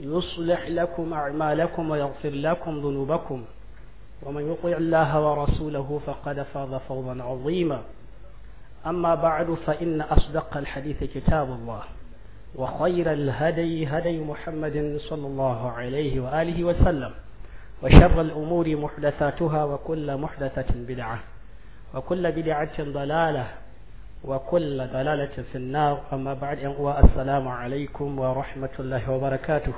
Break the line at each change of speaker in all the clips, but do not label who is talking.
يصلح لكم أعمالكم ويغفر لكم ذنوبكم ومن يطع الله ورسوله فقد فاز فوضا عظيما أما بعد فإن أصدق الحديث كتاب الله وخير الهدي هدي محمد صلى الله عليه وآله وسلم وشر الأمور محدثاتها وكل محدثة بدعة وكل بدعة ضلالة وكل ضلالة في النار أما بعد أن السلام عليكم ورحمة الله وبركاته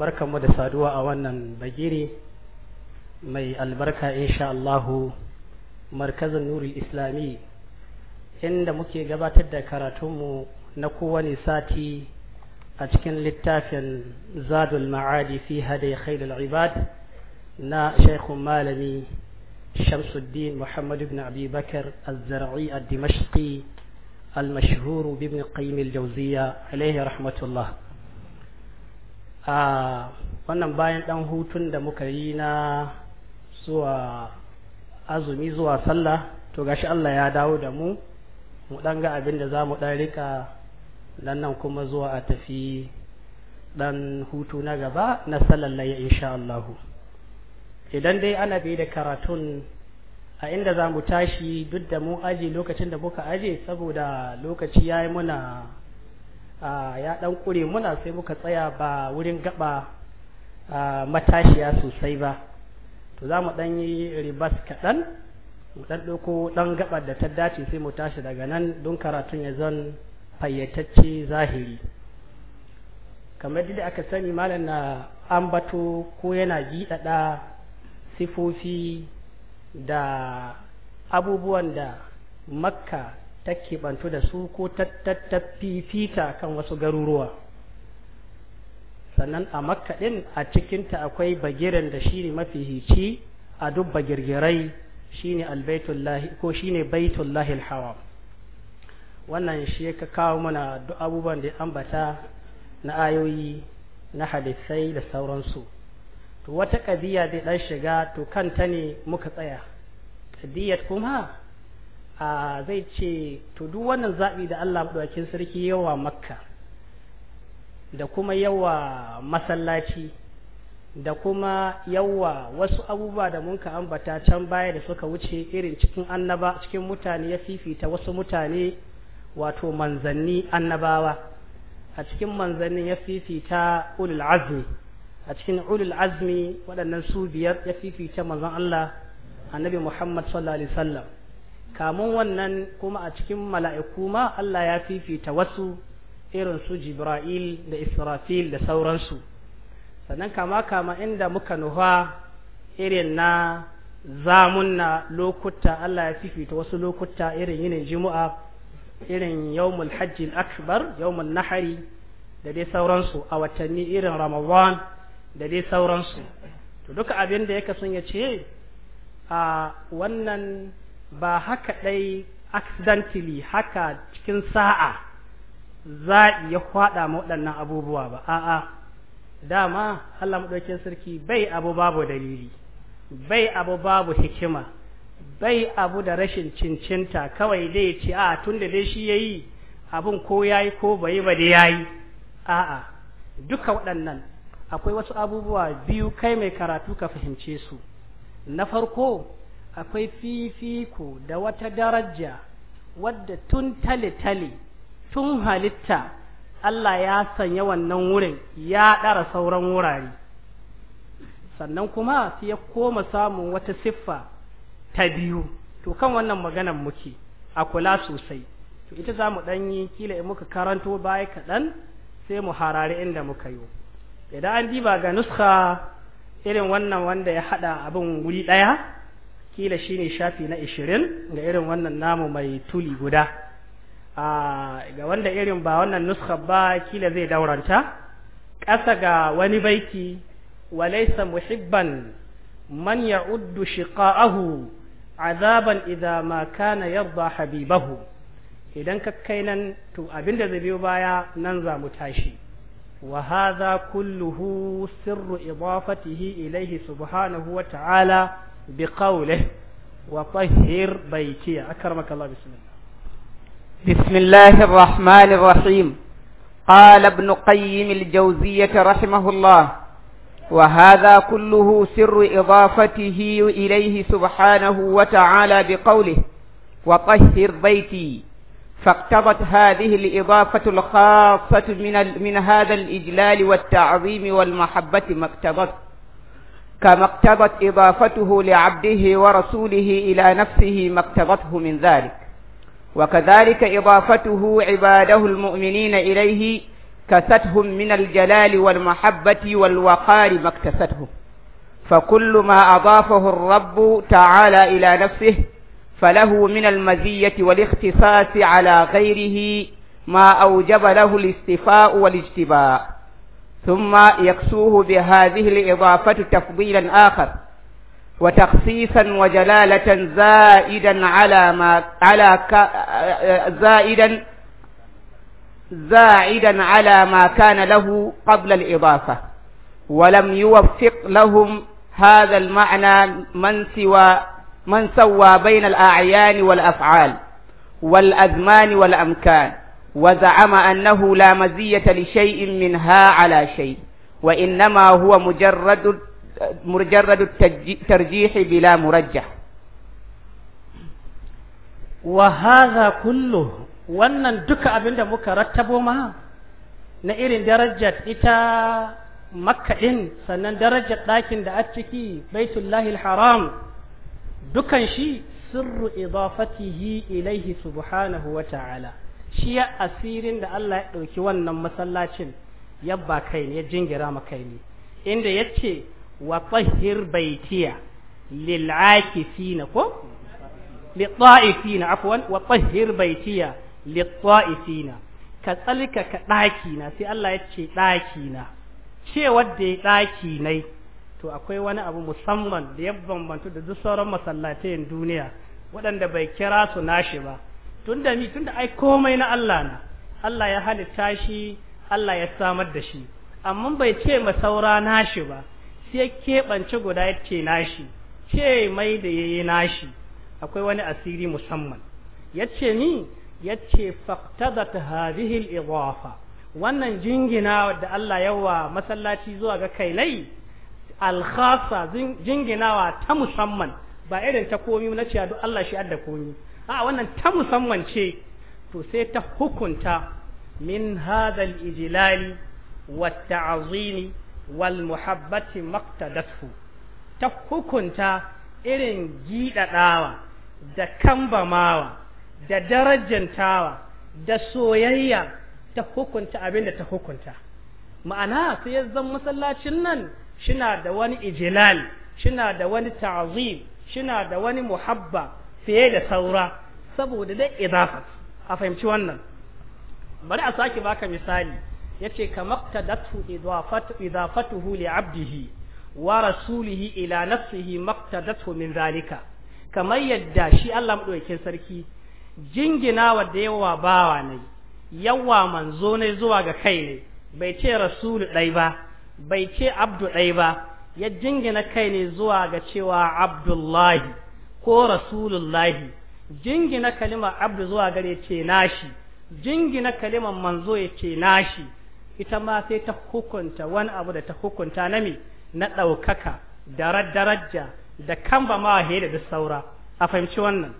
بركة مدسادوة أولا بجيري مي البركة إن شاء الله مركز النور الإسلامي عند مكي قبات الدكارتم نكواني ساتي أتكن للتافن زاد المعادي في هدي خير العباد نا شيخ مالمي شمس الدين محمد بن أبي بكر الزرعي الدمشقي المشهور بابن قيم الجوزية عليه رحمة الله wannan bayan ɗan hutun da muka yi na zuwa azumi zuwa sallah to gashi Allah ya dawo da mu mu ɗan ga abin da za mu ɗan rika nan kuma zuwa a tafi ɗan hutu na gaba na sallallahu insha Allahu idan dai ana bi da karatun a inda za mu tashi duk da mu aji lokacin da muka aje saboda lokaci ya yi muna ya ɗan kure muna sai muka tsaya ba wurin gaba matashiya sosai ba to za mu ɗan yi ribas kaɗan mu ɗan ɗauko ɗan gaɓar da ta dace sai mu tashi daga nan don karatun ya zan fayyatacce zahiri kamar da aka sani malam na ambato ko yana jiɗaɗa. sifofi da abubuwan da makka ta bantu da su ko ta kan wasu garuruwa sannan a makka ɗin a cikinta akwai bagiren da shi ne hici a duk bagirgirai ko shi ne baitullahi hawa wannan shi ka kawo mana duk abubuwan da ambata na ayoyi na hadisai da sauransu to wata kadiya zai dan shiga to kanta ne muka tsaya kadiyat kuma a zai ce to duk wannan zaɓi da Allah maɗaukin sarki yawa makka da kuma yawa masallaci da kuma yawa wasu abubuwa da mun ka ambata can baya da suka wuce irin cikin annaba cikin mutane ya fifita wasu mutane wato manzanni annabawa a cikin manzannin ya fifita ulul azmi a cikin ulul azmi waɗannan su biyar ya fifita manzon Allah annabi Muhammad sallallahu alaihi wasallam kamun wannan kuma a cikin mala'iku ma Allah ya fifita wasu irin su Jibra'il da Israfil da sauransu sannan kama kama inda muka nufa irin na zamunna lokuta Allah ya fifita wasu lokuta irin yinin jimu'a irin yawmul hajjil akbar yawmul nahari da dai sauransu a watanni irin Ramadan da dai sauransu to duka abin da ya son ya ce a wannan ba haka dai accidentally haka cikin sa'a za ya kwada ma waɗannan abubuwa ba a'a dama Allah maɗaukin sarki bai abu babu dalili bai abu babu hikima bai abu da rashin cincinta kawai dai ce a tun da dai shi ya yi abin ko ya yi ko bai ba da yayi a'a duka waɗannan akwai wasu abubuwa biyu kai mai karatu ka fahimce su na farko akwai fifiko da wata daraja wadda tun tale-tale tun halitta Allah ya sanya wannan wurin ya ɗara sauran wurare sannan kuma su ya koma samun wata siffa ta biyu to kan wannan maganan muke a kula sosai to ita za mu ɗanyi kila in muka karanto baya kaɗan sai mu harari inda muka yi idan an diba ga nuska irin wannan wanda ya hada abin wuri daya kila shine shafi na 20 ga irin wannan namu mai tuli guda ga wanda irin ba wannan nuska ba kila zai dauranta ƙasa ga wani baiti walaysa muhibban man ya'uddu shiqa'ahu azaban idza ma kana yarda habibahu idan ka kai nan to abinda zai biyo baya nan za mu tashi wa haza kulluhu sirru idafatihi ilayhi subhanahu wa ta'ala bi qawlihi wa tahhir baytiya akramakallahu bismillah
bismillahir rahmanir rahim qala ibn qayyim al wa haza kulluhu sirru idafatihi ilayhi subhanahu wa ta'ala bi qawlihi wa tahhir baytiya فاقتضت هذه الإضافة الخاصة من, من هذا الإجلال والتعظيم والمحبة ما اقتضت كما اقتضت إضافته لعبده ورسوله إلى نفسه ما اقتضته من ذلك وكذلك إضافته عباده المؤمنين إليه كستهم من الجلال والمحبة والوقار ما اكتستهم فكل ما أضافه الرب تعالى إلى نفسه فله من المزية والاختصاص على غيره ما أوجب له الاستفاء والاجتباء ثم يكسوه بهذه الإضافة تفضيلا آخر وتخصيصا وجلالة زائدا على ما على ك... زائدا زائدا على ما كان له قبل الإضافة ولم يوفق لهم هذا المعنى من سوى من سوى بين الأعيان والأفعال والأزمان والأمكان وزعم أنه لا مزية لشيء منها على شيء وإنما هو مجرد مجرد الترجيح
بلا مرجح وهذا كله wannan duka abin da muka rattabo ma na irin darajar ita makka ɗin sannan darajar ɗakin da a ciki baitullahi haram dukan shi sirru idafatihi ilaihi subhanahu wa ta'ala shi ya asirin da Allah ya ɗauki wannan masallacin yabba kai ne ya jingira ma kai ne inda yace wa tahhir baitiya lil akifina ko li ta'ifina afwan wa tahhir baitiya li ta'ifina ka tsalika ka ɗaki na sai Allah ya ce ɗaki na cewar da ya ɗaki nai to akwai wani abu musamman da ya bambantu da duk sauran masallatayin duniya waɗanda bai kira su nashi ba tunda mi tunda ai komai na Allah na Allah ya halitta shi Allah ya samar da shi amma bai ce ma saura nashi ba sai keɓance guda ya ce nashi ce mai da yayi nashi akwai wani asiri musamman yace ni yace faqtadat hadhihi al-idafa wannan jingina da Allah yawa masallaci zuwa ga kainai alkhasa jinginawa ta musamman ba irin ta komi na cewa duk Allah shi adda komi a wannan ta musamman ce to sai ta hukunta min hadha al-ijlali wat ta'zimi wal muhabbati maqtadathu ta hukunta irin gidadawa da kambamawa da darajantawa da soyayya ta hukunta abinda ta hukunta ma'ana sai zan masallacin nan shina da wani ijilal shina da wani ta'zim shina da wani muhabba fiye da saura saboda da idafat a fahimci wannan bari a sake baka misali yace kamaktadatu idafatu idafatuhu li abdihi wa rasulihi ila nafsihi maktadatu min zalika kamar yadda shi Allah madaukakin sarki jingina wa da yawa bawa ne yawa manzo ne zuwa ga kai ne bai ce rasulu dai ba bai ce abdu ɗai ba ya jingina kai ne zuwa ga cewa abdullahi ko rasulullahi jingina kalimar abdu zuwa gare ce nashi jingina kalimar manzo ya ce nashi ita ma sai ta hukunta wani abu da ta hukunta na me na ɗaukaka da daraja da kamba ma da duk saura a fahimci wannan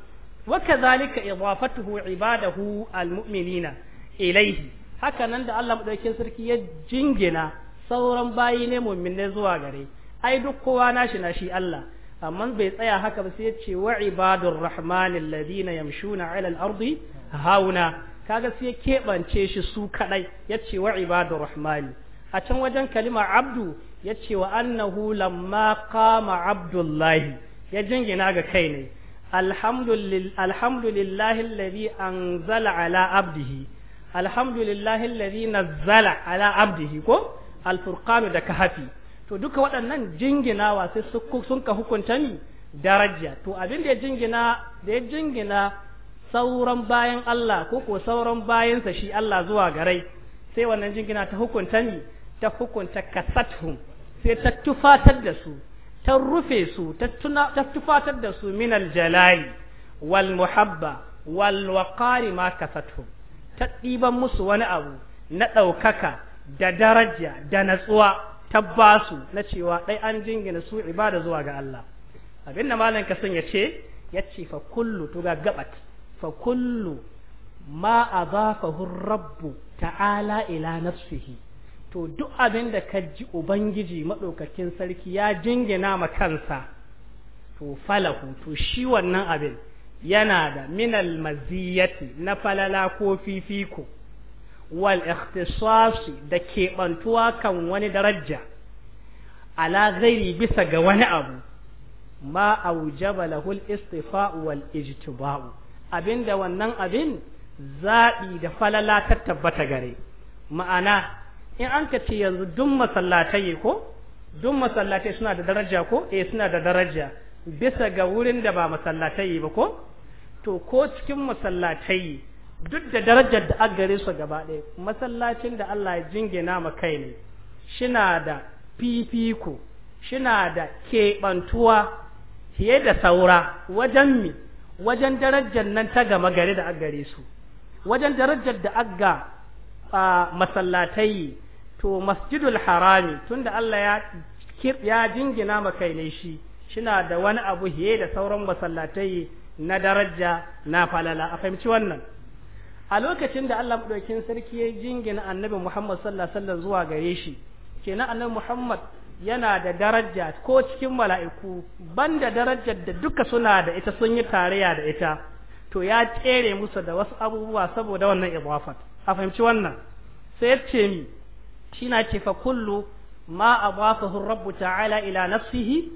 zalika إضافته ibadahu المؤمنين إليه haka nan da Allah madaukakin sarki ya jingina sauran bayi ne mu'minai zuwa gare ai duk kowa nashi na shi Allah amma bai tsaya haka ba sai ya ce wa ibadur rahman alladhina yamshuna ala al-ardi hauna kaga sai ya kebance shi su kadai ya ce wa ibadur rahman a can wajen kalima abdu ya ce wa annahu lamma qama abdullahi ya jingina ga kai ne alhamdulillah alladhi anzala ala abdihi alladhi nazzala ala abdihi ko alfurqanu da kahafi to duka waɗannan jinginawa sai sun ka hukunta ni daraja to abin da ya jingina da ya jingina sauran bayan Allah ko ko sauran bayansa shi Allah zuwa garai sai wannan jingina ta hukunta ni ta hukunta kasathum sai ta tufatar da su ta rufe su ta tufatar da su min aljalali wal muhabba wal waqari ma kasathum ta ɗiban musu wani abu na ɗaukaka da daraja da natsuwa ta tabbasu na cewa ɗai an jingina su ibada zuwa ga Allah abinda malam kasan ya ce ya ce fa kullu to ga gabat fa kullu ma adafahu rabbu ta'ala ila nafsihi to duk da ka ji ubangiji madaukakin sarki ya jingina ma kansa to falahu to shi wannan abin yana da minal maziyati na falala ko fifiko wal ikhtisasi da keɓantuwa kan wani daraja ala zairi bisa ga wani abu ma aujaba lahul istifa'u wal ijtiba'u abinda wannan abin zaɓi da falala ta tabbata gare ma'ana in an ka ce yanzu duk masallatai ko duk masallatai suna da daraja ko eh suna da daraja bisa ga wurin da ba masallatai ba ko to ko cikin masallatai duk da darajar da aka gare su gaba ɗaya masallacin da Allah ya jingina ma kai ne shina da fifiko shina da keɓantuwa fiye da saura wajen mi wajen darajar nan ta gama gari da aka gare su wajen darajar da ga masallatai to masjidul harami tunda Allah ya ya jingina ma kai ne shi shina da wani abu fiye da sauran masallatai na daraja na falala a fahimci wannan a lokacin da Allah madaukin sarki ya jingina annabi Muhammad sallallahu alaihi wasallam zuwa gare shi kenan annabi Muhammad yana da daraja ko cikin mala'iku banda darajar da duka suna da ita sun yi tarayya da ita to ya tsere musu da wasu abubuwa saboda wannan idafat a fahimci wannan sai ya ce mi shi na ce fa kullu ma adafahu rabbu ta'ala ila nafsihi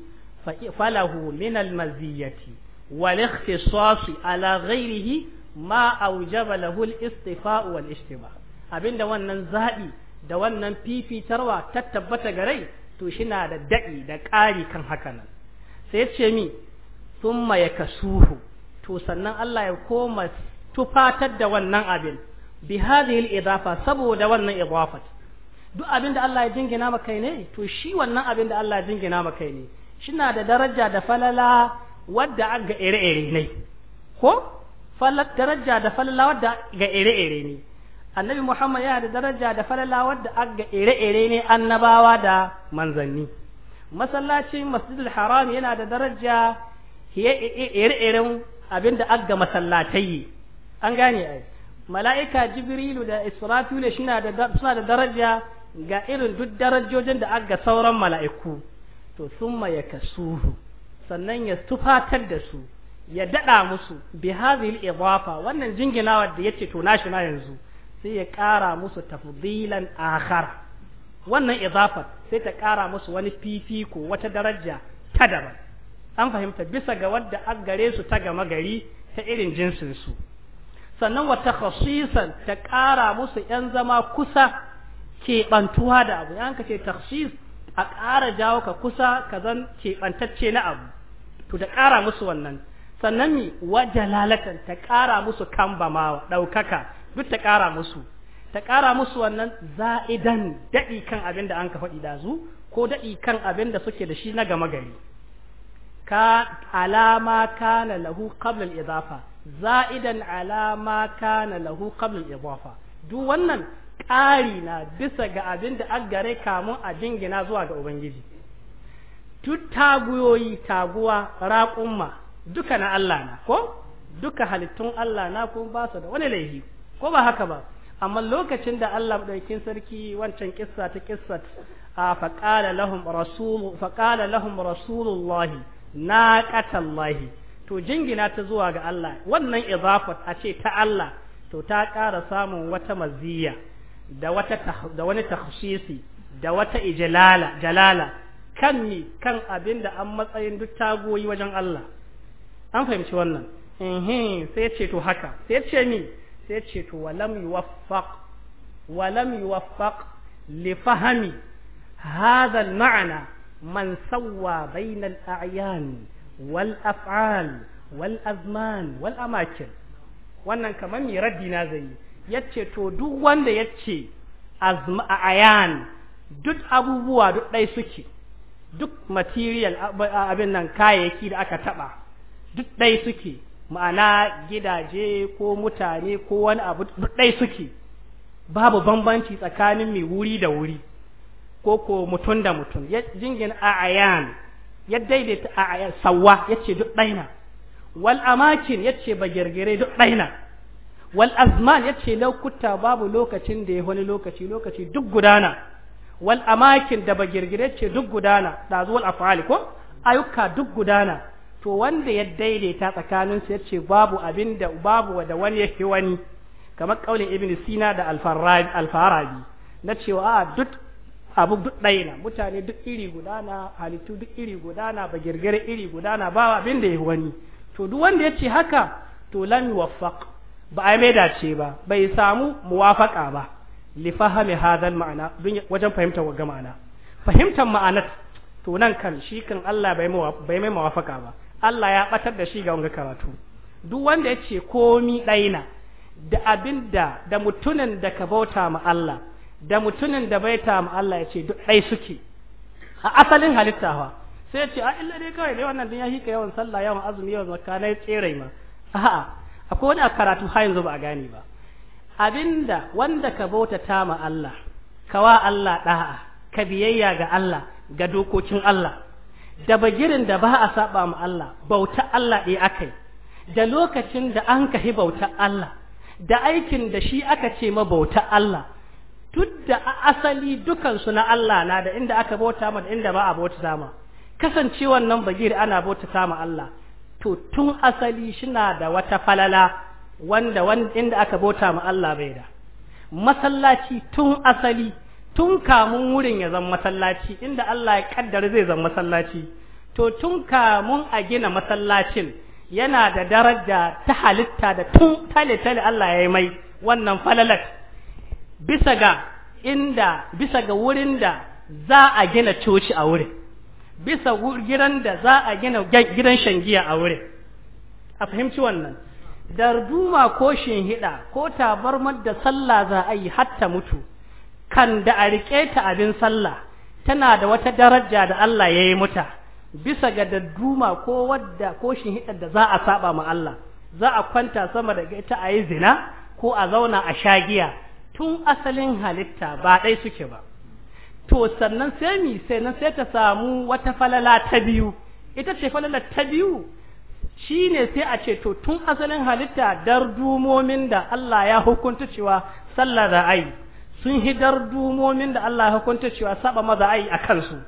falahu min al-maziyati wal ikhtisasi ala ghairihi ma aujaba lahul istifa'u wal ishtiba abinda wannan zabi da wannan fifitarwa ta tabbata rai to shi na da daɗi da ƙari kan hakanan sai ya ce mi thumma yakasuhu to sannan Allah ya koma tufatar da wannan abin bi hadhihi al-idafa saboda wannan idafat duk abinda Allah ya jingina maka ne to shi wannan abinda Allah ya jingina maka ne shina da daraja da falala wadda aga ire-ire ne ko falat daraja da falala wadda ga ire-ire ne annabi muhammad yana da daraja da falala wadda ga ire-ire ne annabawa da manzanni masallacin masjidul haram yana da daraja ire-iren abinda aga masallatai an gane ai mala'ika jibrilu da israfilu suna da daraja ga irin duk darajojin da aga sauran mala'iku to summa ya sannan ya tufatar da su ya dada musu bi hadhihi al-idafa wannan jinginawar da yace to nashi na yanzu sai ya kara musu tafdilan akhar wannan idafa sai ta kara musu wani fifiko wata daraja ta daban an fahimta bisa ga wadda an gare su ta gama gari ta irin jinsin su sannan wata khasisan ta kara musu yan zama kusa keɓantuwa da abu yanka ce takhsis a ƙara jawo ka kusa ka zan keɓantacce na abu to da ƙara musu wannan sannan mi wa ta ƙara musu ma ɗaukaka duk ta ƙara musu ta ƙara musu wannan za'idan daɗi kan abin da an ka faɗi dazu ko daɗi kan abin da suke da shi na gama gari ka alama kana lahu qabla al-idafa za'idan alama kana lahu qabla al-idafa duk wannan ƙari na bisa ga abin da an gare kamu a jingina zuwa ga ubangiji duk taguyoyi taguwa raƙumma duka na Allah na ko duka halittun Allah na kuma ba su da wani laifi ko ba haka ba amma lokacin da Allah madaukakin sarki wancan kissa ta kissa a faqala lahum rasul faqala lahum rasulullah to jingina ta zuwa ga Allah wannan idafat a ce ta Allah to ta ƙara samun wata maziyya da wata da wani takhsisi da wata ijlala jalala kan ni kan abinda an matsayin duk tagoyi wajen Allah an fahimci wannan ehem sai ce to haka sai ce ni sai ce to walam yuwaffaq walam yuwaffaq li fahmi hadha al ma'na man sawwa bayna al a'yan wal af'al wal azman wal amakin wannan kamar mai raddi na zai yace to duk wanda yace azma ayan duk abubuwa duk dai suke duk material abin nan kayayyaki da aka taba duk ɗai suke ma'ana gidaje ko mutane ko wani abu duk ɗai suke babu bambanci tsakanin mai wuri da wuri ko ko mutum da mutum ya jingin a'ayan ya daidaita a'ayan sawa ya ce duk ɗaina wal amakin ya ce ba bagirgire duk ɗaina wal azman ya ce lokuta babu lokacin da ya wani lokaci lokaci duk gudana wal amakin da ba bagirgire ce duk gudana da zuwal afali ko ayyuka duk gudana to wanda ya daidaita tsakanin su yace babu abin da babu da wani yake wani kamar kaulin ibn sina da al-farabi na cewa a duk abu duk ɗaya na mutane duk iri gudana halittu duk iri gudana ba girgire iri gudana ba abin da ya wani to duk wanda ya ce haka to lam yuwaffaq ba a mai dace ba bai samu muwafaqa ba li fahami hadal ma'ana wajen fahimtar wa ma'ana fahimtar ma'anar to nan kan shi kan Allah bai mai muwafaka ba Allah ya batar da shi ga wanga karatu duk wanda ya ce komi ɗaina da abin da da mutunan da ka bauta ma Allah da mutunan da baita ma Allah ya ce duk ɗai suke a asalin halitta fa sai ya ce a illa dai kawai dai wannan dunya hika yawan sallah yawan azumi yawan zakka na tsere ma a'a akwai wani a karatu har yanzu ba a gane ba abinda wanda ka bauta ta ma Allah ka wa Allah da'a ka biyayya ga Allah ga dokokin Allah da bagirin da ba a saba ma Allah bauta Allah ɗaya akai da lokacin da an kahi bauta Allah da aikin da shi aka ce ma bauta Allah duk da asali dukansu na Allah na da inda aka bauta ma da inda ba a bauta zama. kasancewan nan bagir ana bauta ma Allah to tun asali shina da wata falala wanda wanda inda aka bauta ma Allah bai da masallaci tun asali tun kamun wurin ya zama masallaci inda Allah ya kaddara zai zama masallaci to tun kamun a gina masallacin yana da daraja ta halitta da tun tale-tale Allah ya yi mai wannan falalat bisa ga inda bisa ga wurin da za a gina coci a wurin bisa gidan da za a gina gidan shangiya a wurin a fahimci wannan darduma ko shin hida ko tabarmar da sallah za a yi hatta mutu kan da a riƙe ta abin sallah tana da wata daraja da Allah ya yi muta bisa ga dadduma ko wadda ko shinhiɗar da za a saba ma Allah za a kwanta sama da ita a yi zina ko a zauna a shagiya tun asalin halitta ba ɗai suke ba to sannan sai mi na sai ta samu wata falala ta biyu ita ce falala ta biyu shine sai a ce to tun asalin halitta dumomin da Allah ya hukunta cewa sallar ra'ayi sun hidar dumomin da Allah ya kwanta cewa saba maza ai a kansu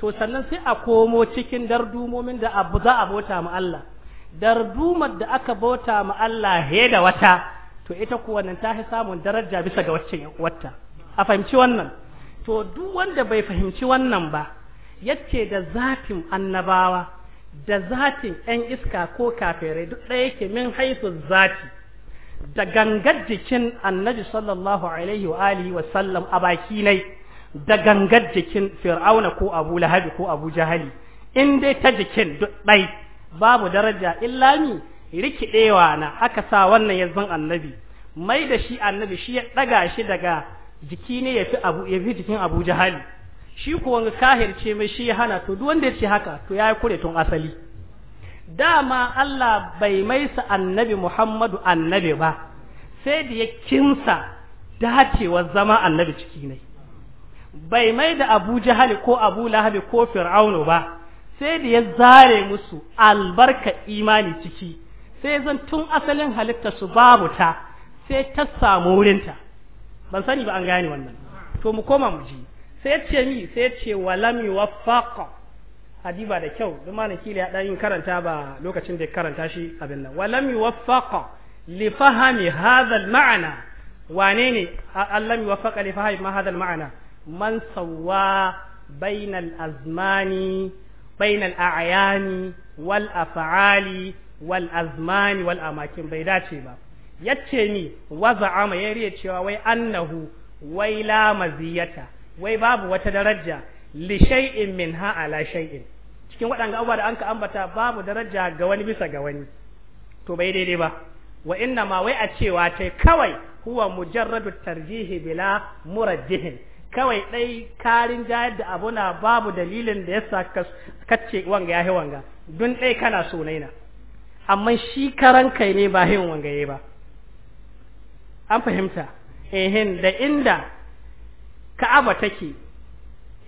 to sannan sai a komo cikin dardumomin da abu za a bauta ma Allah dardumar da aka bauta ma Allah he da wata to ita kuwa nan ta samun daraja bisa ga wacce wata a fahimci wannan to duk wanda bai fahimci wannan ba yace da zatin annabawa da zatin 'yan iska ko kafirai duk ɗaya yake min haisu zati da gangar jikin annabi sallallahu alaihi wa alihi wa sallam a baki nai da gangar jikin fir'auna ko abu lahabi ko abu jahali in dai ta jikin duk babu daraja illa ni rikidewa na aka sa wannan yanzu annabi mai da shi annabi shi ya daga shi daga jiki ne ya fi abu ya jikin abu jahali shi kuwa kahir ce mai shi ya hana to duk wanda ya ce haka to ya yi kure tun asali dama Allah bai mai maisa annabi Muhammadu annabi ba sai da ya kinsa dacewar zama annabi ciki ne bai mai da Abu Jahal ko Abu Lahab ko Fir'aunu ba sai da ya zare musu albarka imani ciki sai zan tun asalin halitta su babu ta sai ta samu wurinta ban sani ba an gane wannan to mu koma mu ji sai ce mi sai ce wa yuwaffaqa adiba da kyau don malam kila ya dan karanta ba lokacin da ya karanta shi abin nan walam yuwaffaqa li fahmi hadha al ma'ana wane ne allam yuwaffaqa li fahmi hadha al ma'ana man sawwa al azmani bayna al a'yani wal af'ali wal azmani wal amakin bai dace ba yace ni waza'ama yariya cewa wai annahu wai la maziyata wai babu wata daraja li shay'in ha ala shay'in cikin waɗanga abubuwa da an ka ambata babu daraja ga wani bisa ga wani to bai daidai ba wa inna ma wai a cewa tai kawai huwa mujarradu tarjihi bila murajjihin kawai dai karin jayar da abuna babu dalilin da yasa ce wanga ya wanga dun dai kana sonaina amma shi karan kai ne ba hin wanga yayi ba an fahimta ehin da inda ka'aba take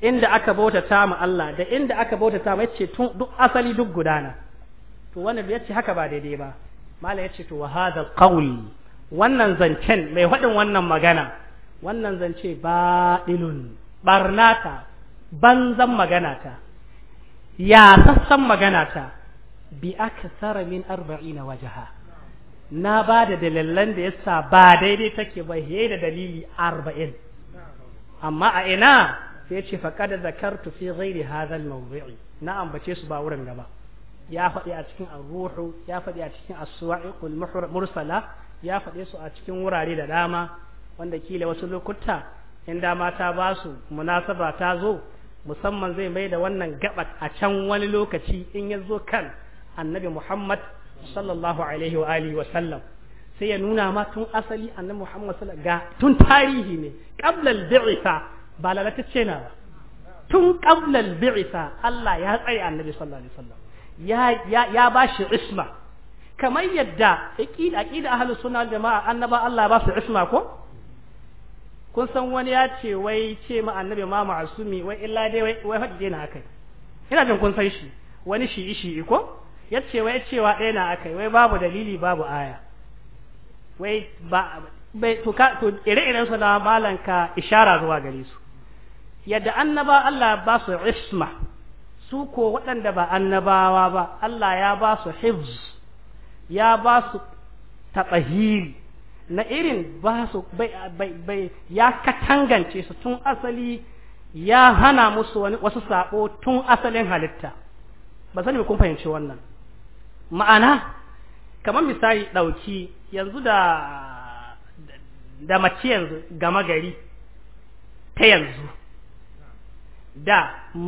inda aka bautata mu Allah da inda aka bautata ma yace tun duk asali duk gudana to wannan yace haka ba daidai ba mala yace to wa hada qawl wannan zancen mai hadin wannan magana wannan zance dilun barnata banzan magana ta ya sassan magana ta bi aksara min 40 wajaha na ba da dalilan da yasa ba daidai take ba he da dalili 40 amma a ina sai ce faqad zakartu fi ghairi hadha al-mawdi'i na ambace su ba wurin gaba ya faɗi a cikin ar-ruhu ya faɗi a cikin as-suwa'iqul mursala ya faɗe su a cikin wurare da dama wanda kila wasu lokuta in dama ta ba su munasaba ta zo musamman zai mai da wannan gabat a can wani lokaci in ya zo kan annabi Muhammad sallallahu alaihi wa alihi wa sallam sai ya nuna ma tun asali annabi Muhammad sallallahu alaihi wa ga tun tarihi ne qabla al-bi'sa ba lalatacce na ba tun qablal bi'isa Allah ya tsare annabi sallallahu alaihi wasallam ya ya ba shi isma kamar yadda aqida aqida ahli sunna jama'a annaba Allah ba su isma ko kun san wani ya ce wai ce ma annabi ma ma'asumi wai illa dai wai wai faɗi na akai ina jin kun san shi wani shi shi ko ya ce wai cewa ɗaya na akai wai babu dalili babu aya wai ba bai to ka to ire-iren su na malanka ishara zuwa gare su yadda annaba Allah ba su isma su ko waɗanda ba annabawa ba Allah ya ba su hifz ya ba su taɓahiri na irin ba su bai ya katangance su tun asali ya hana musu wasu saɓo tun asalin halitta ba sani kun fahimci wannan ma'ana kamar misali ɗauki yanzu da da mace yanzu gama gari ta yanzu da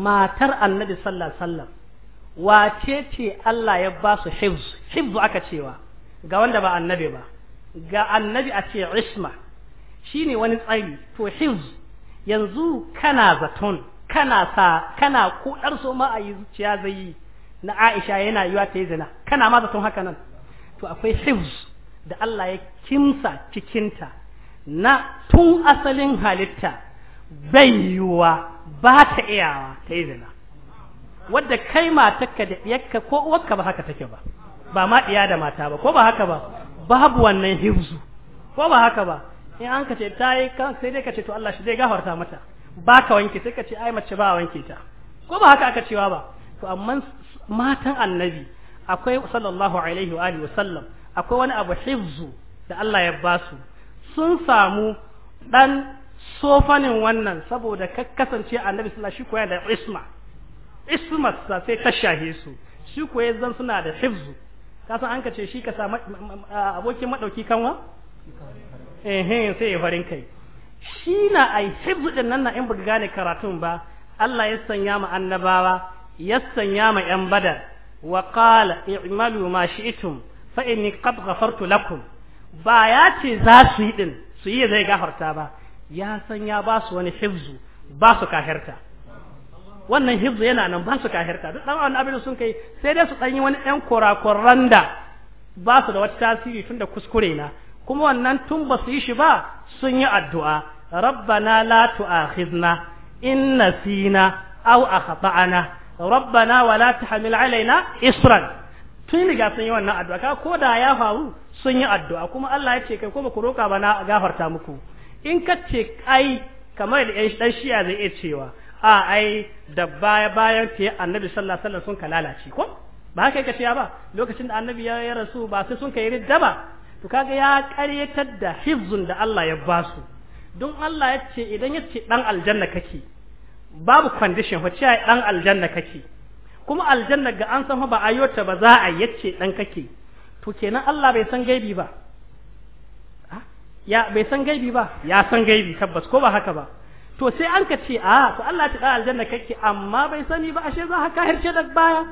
matar annabi sallallahu alaihi wasallam wace ce Allah ya ba su hifz hifz aka cewa ga wanda ba annabi ba ga annabi a ce isma shine wani tsari to hifz yanzu kana zaton kana sa kana kudar so ma a yi zuciya zai yi na Aisha yana yiwa ta yi zina kana ma zaton haka nan to akwai hifz da Allah ya kimsa cikinta na tun asalin halitta bai yiwuwa ba ta iyawa ta yi zina wadda kai matakka da ɗiyakka ko uwarka ba haka take ba ba ma iya da mata ba ko ba haka ba babu wannan hibzu ko ba haka ba in an ka ce ta yi kan sai dai ka ce to Allah shi zai gafarta mata ba ka wanke sai ka ce ai mace ba a wanke ta ko ba haka aka cewa ba to amma matan annabi akwai sallallahu alaihi wa alihi wasallam akwai wani abu hibzu da Allah ya basu sun samu dan sofanin wannan saboda kasance annabi sallallahu shi koya da isma isma sa sai ta shahe su shi koya zan suna da hifzu ka san an kace shi ka sa abokin madauki kanwa eh eh sai ya farin kai shi na ai hifzu din nan na in buga gane karatun ba Allah ya sanya ma annabawa ya sanya ma yan badar wa qala i'malu ma shi'tum fa inni qad ghafartu lakum ba ya ce za su yi din su yi zai gafarta ba ya san ya ba su wani hifzu ba su kahirta wannan hifzu yana nan ba su kahirta duk dan abin sun kai sai dai su dan yi wani ɗan kurakuran da ba su da wata tasiri tunda kuskure na kuma wannan tun ba su yi shi ba sun yi addu'a rabbana la tu'akhizna in nasina aw akhta'na rabbana wa la tahmil alaina isran tun ga sun yi wannan addu'a ko da ya faru sun yi addu'a kuma Allah ya ce kai ko ba ku roka ba na gafarta muku in ka ce ai kamar da ɗan shiya zai iya cewa a ai da baya bayan ta annabi sallallahu alaihi sun ka lalace ko ba haka ka cewa ba lokacin da annabi ya ya rasu ba sai sun kai ridda ba to kaga ya karyatar da hifzun da Allah ya ba su don Allah ya ce idan ya ce dan aljanna kake babu condition fa cewa dan aljanna kake kuma aljanna ga an san ba ayyota ba za a yace dan kake to kenan Allah bai san gaibi ba ya bai san gaibi ba ya san gaibi tabbas ko ba haka ba to sai an ka ce a to Allah ta da aljanna kake amma bai sani ba ashe za ka kahirce da baya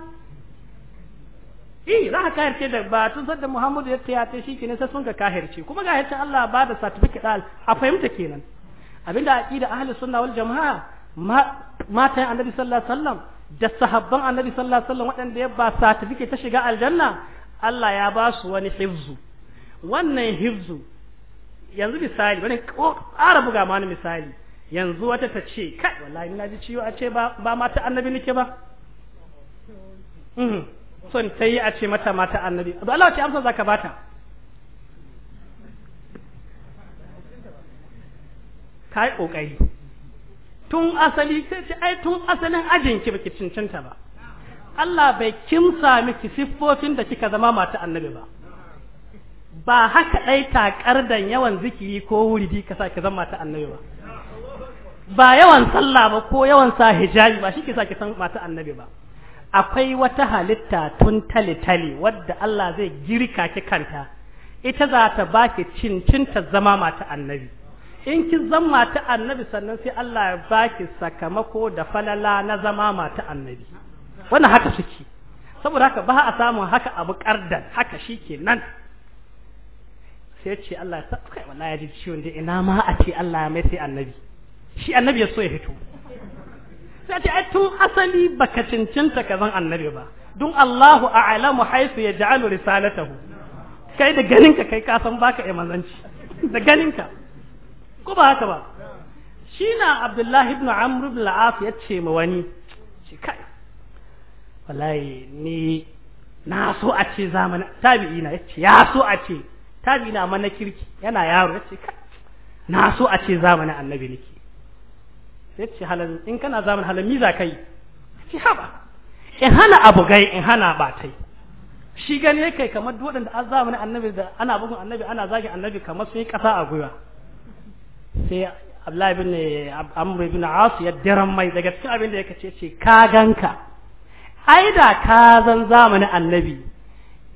eh za ka kahirce da baya tun sanda Muhammadu ya tsaya ta shike ne sai sun ka kahirce kuma ga yace Allah ba da certificate al a fahimta kenan abinda aqida ahli sunna wal jamaa ta annabi sallallahu alaihi wasallam da sahabban annabi sallallahu alaihi wasallam waɗanda ya ba certificate ta shiga aljanna Allah ya ba su wani hifzu wannan hifzu yanzu misali wani ƙara buga ma ni misali yanzu wata ta ce kai wallahi ina ji ciwo a ce ba ba mata annabi nake ba mhm. son ta yi a ce mata mata annabi to Allah ce amsa zaka bata kai kokari tun asali sai ce ai tun asalin ajin ki baki cincinta ba Allah bai kimsa miki siffofin da kika zama mata annabi ba ba haka ɗai takar da yawan zikiri ko wuridi ka sake zama ta annabi ba ba yawan sallah ba ko yawan sa hijabi ba shi ke sake san mata annabi ba akwai wata halitta tun tale tale wadda Allah zai girka ki kanta ita za ta baki cincin ta zama mata annabi in ki zama mata annabi sannan sai Allah ya ba ki sakamako da falala na zama mata annabi wannan haka suke saboda haka ba a samun haka abu kardan haka shi ke nan sai ce Allah ya kai wallahi ya ji ciwon da ina ma a ce Allah ya mai sai annabi shi annabi ya so ya fito sai ce aitu tun asali baka cancanta ka zan annabi ba don Allahu a'lamu haythu yaj'alu risalatahu kai da ganinka kai ka san baka yi manzanci da ganinka ko ba haka ba shi na Abdullahi ibn Amr ibn al-As ya ce ma wani ce kai wallahi ni na so a ce zamanin tabi'ina ya ce ya so a ce tabi na mana kirki yana yaro yace na so a ce zamanin annabi nake yace halan in kana zamanin halan miza kai ce haba in hana abu gai in hana batai shi gani kai kamar duk da an zamanin annabi da ana bugun annabi ana zagin annabi kamar sun yi ƙasa a gwiwa sai Abdullahi bin Amr bin Asu ya daren mai daga cikin abin da yake ce ce ka ganka ai da ka zan zamanin annabi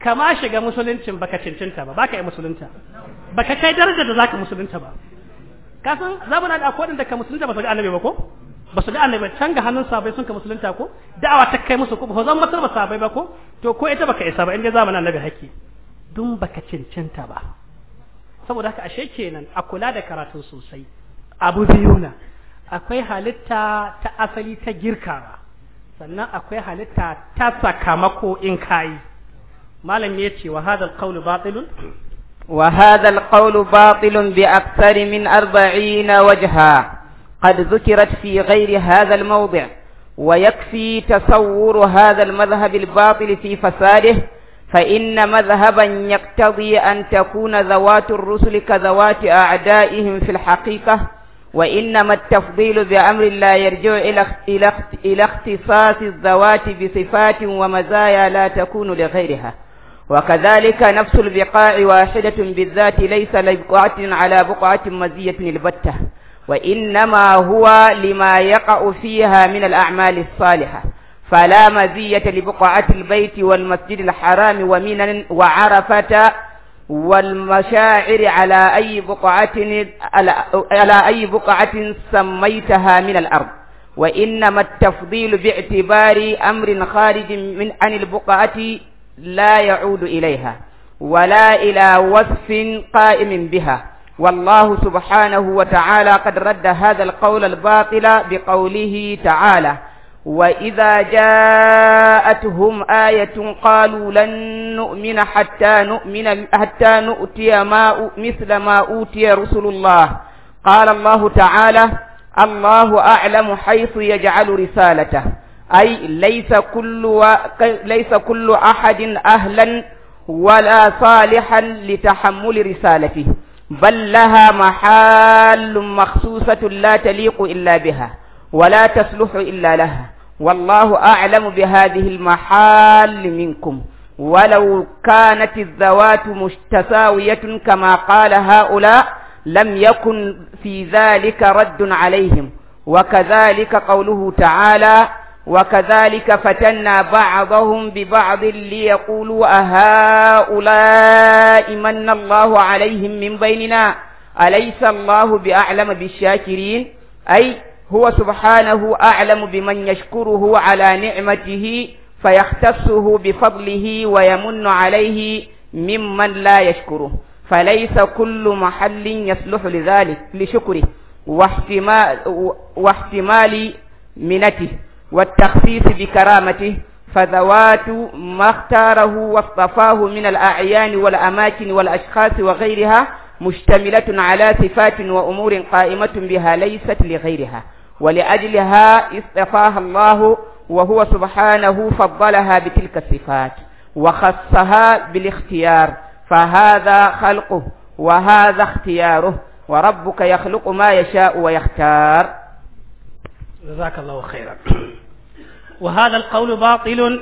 kama shiga musuluncin baka cancanta ba baka yi musulunta baka kai darajar da zaka musulunta ba ka san na da akwai da ka musulunta ba su ga annabi ba ko ba su ga annabi can ga hannun sabai sun ka musulunta ko da'awa ta kai musu ko ba zan masar ba sabai ba ko to ko ita baka isa ba in dai zamanin annabi haƙƙi dun baka cancanta ba saboda haka ashe kenan a kula da karatu sosai abu biyu na akwai halitta ta asali ta girkawa sannan akwai halitta ta sakamako in kayi malam ya ce wa hadal qawlu batilun wa hadal qawlu batilun
bi akthar min 40 wajha قد ذكرت في غير هذا الموضع ويكفي تصور هذا المذهب الباطل في فساده فإن مذهبا يقتضي أن تكون ذوات الرسل كذوات أعدائهم في الحقيقة وإنما التفضيل بأمر لا يرجع إلى اختصاص الذوات بصفات ومزايا لا تكون لغيرها وكذلك نفس البقاع واحدة بالذات ليس لبقعة على بقعة مزية البتة وإنما هو لما يقع فيها من الأعمال الصالحة فلا مزية لبقعة البيت والمسجد الحرام ومنى وعرفة والمشاعر على أي بقعة على أي بقعة سميتها من الأرض وإنما التفضيل باعتبار أمر خارج من عن البقعة لا يعود إليها ولا إلى وصف قائم بها والله سبحانه وتعالى قد رد هذا القول الباطل بقوله تعالى وإذا جاءتهم آية قالوا لن نؤمن حتى نؤمن حتى نؤتي ما مثل ما أوتي رسل الله قال الله تعالى الله أعلم حيث يجعل رسالته أي ليس كل, و... ليس كل أحد أهلا ولا صالحا لتحمل رسالته بل لها محال مخصوصة لا تليق إلا بها ولا تصلح إلا لها والله أعلم بهذه المحال منكم ولو كانت الذوات متساوية كما قال هؤلاء لم يكن في ذلك رد عليهم وكذلك قوله تعالى وكذلك فتنا بعضهم ببعض ليقولوا أهؤلاء من الله عليهم من بيننا أليس الله بأعلم بالشاكرين أي هو سبحانه أعلم بمن يشكره على نعمته فيختصه بفضله ويمن عليه ممن لا يشكره فليس كل محل يصلح لذلك لشكره واحتمال, واحتمال منته والتخصيص بكرامته فذوات ما اختاره واصطفاه من الأعيان والأماكن والأشخاص وغيرها مشتملة على صفات وأمور قائمة بها ليست لغيرها ولأجلها اصطفاها الله وهو سبحانه فضلها بتلك الصفات وخصها بالاختيار فهذا خلقه وهذا اختياره وربك يخلق ما يشاء ويختار
جزاك الله خيرا wa hadha alqawlu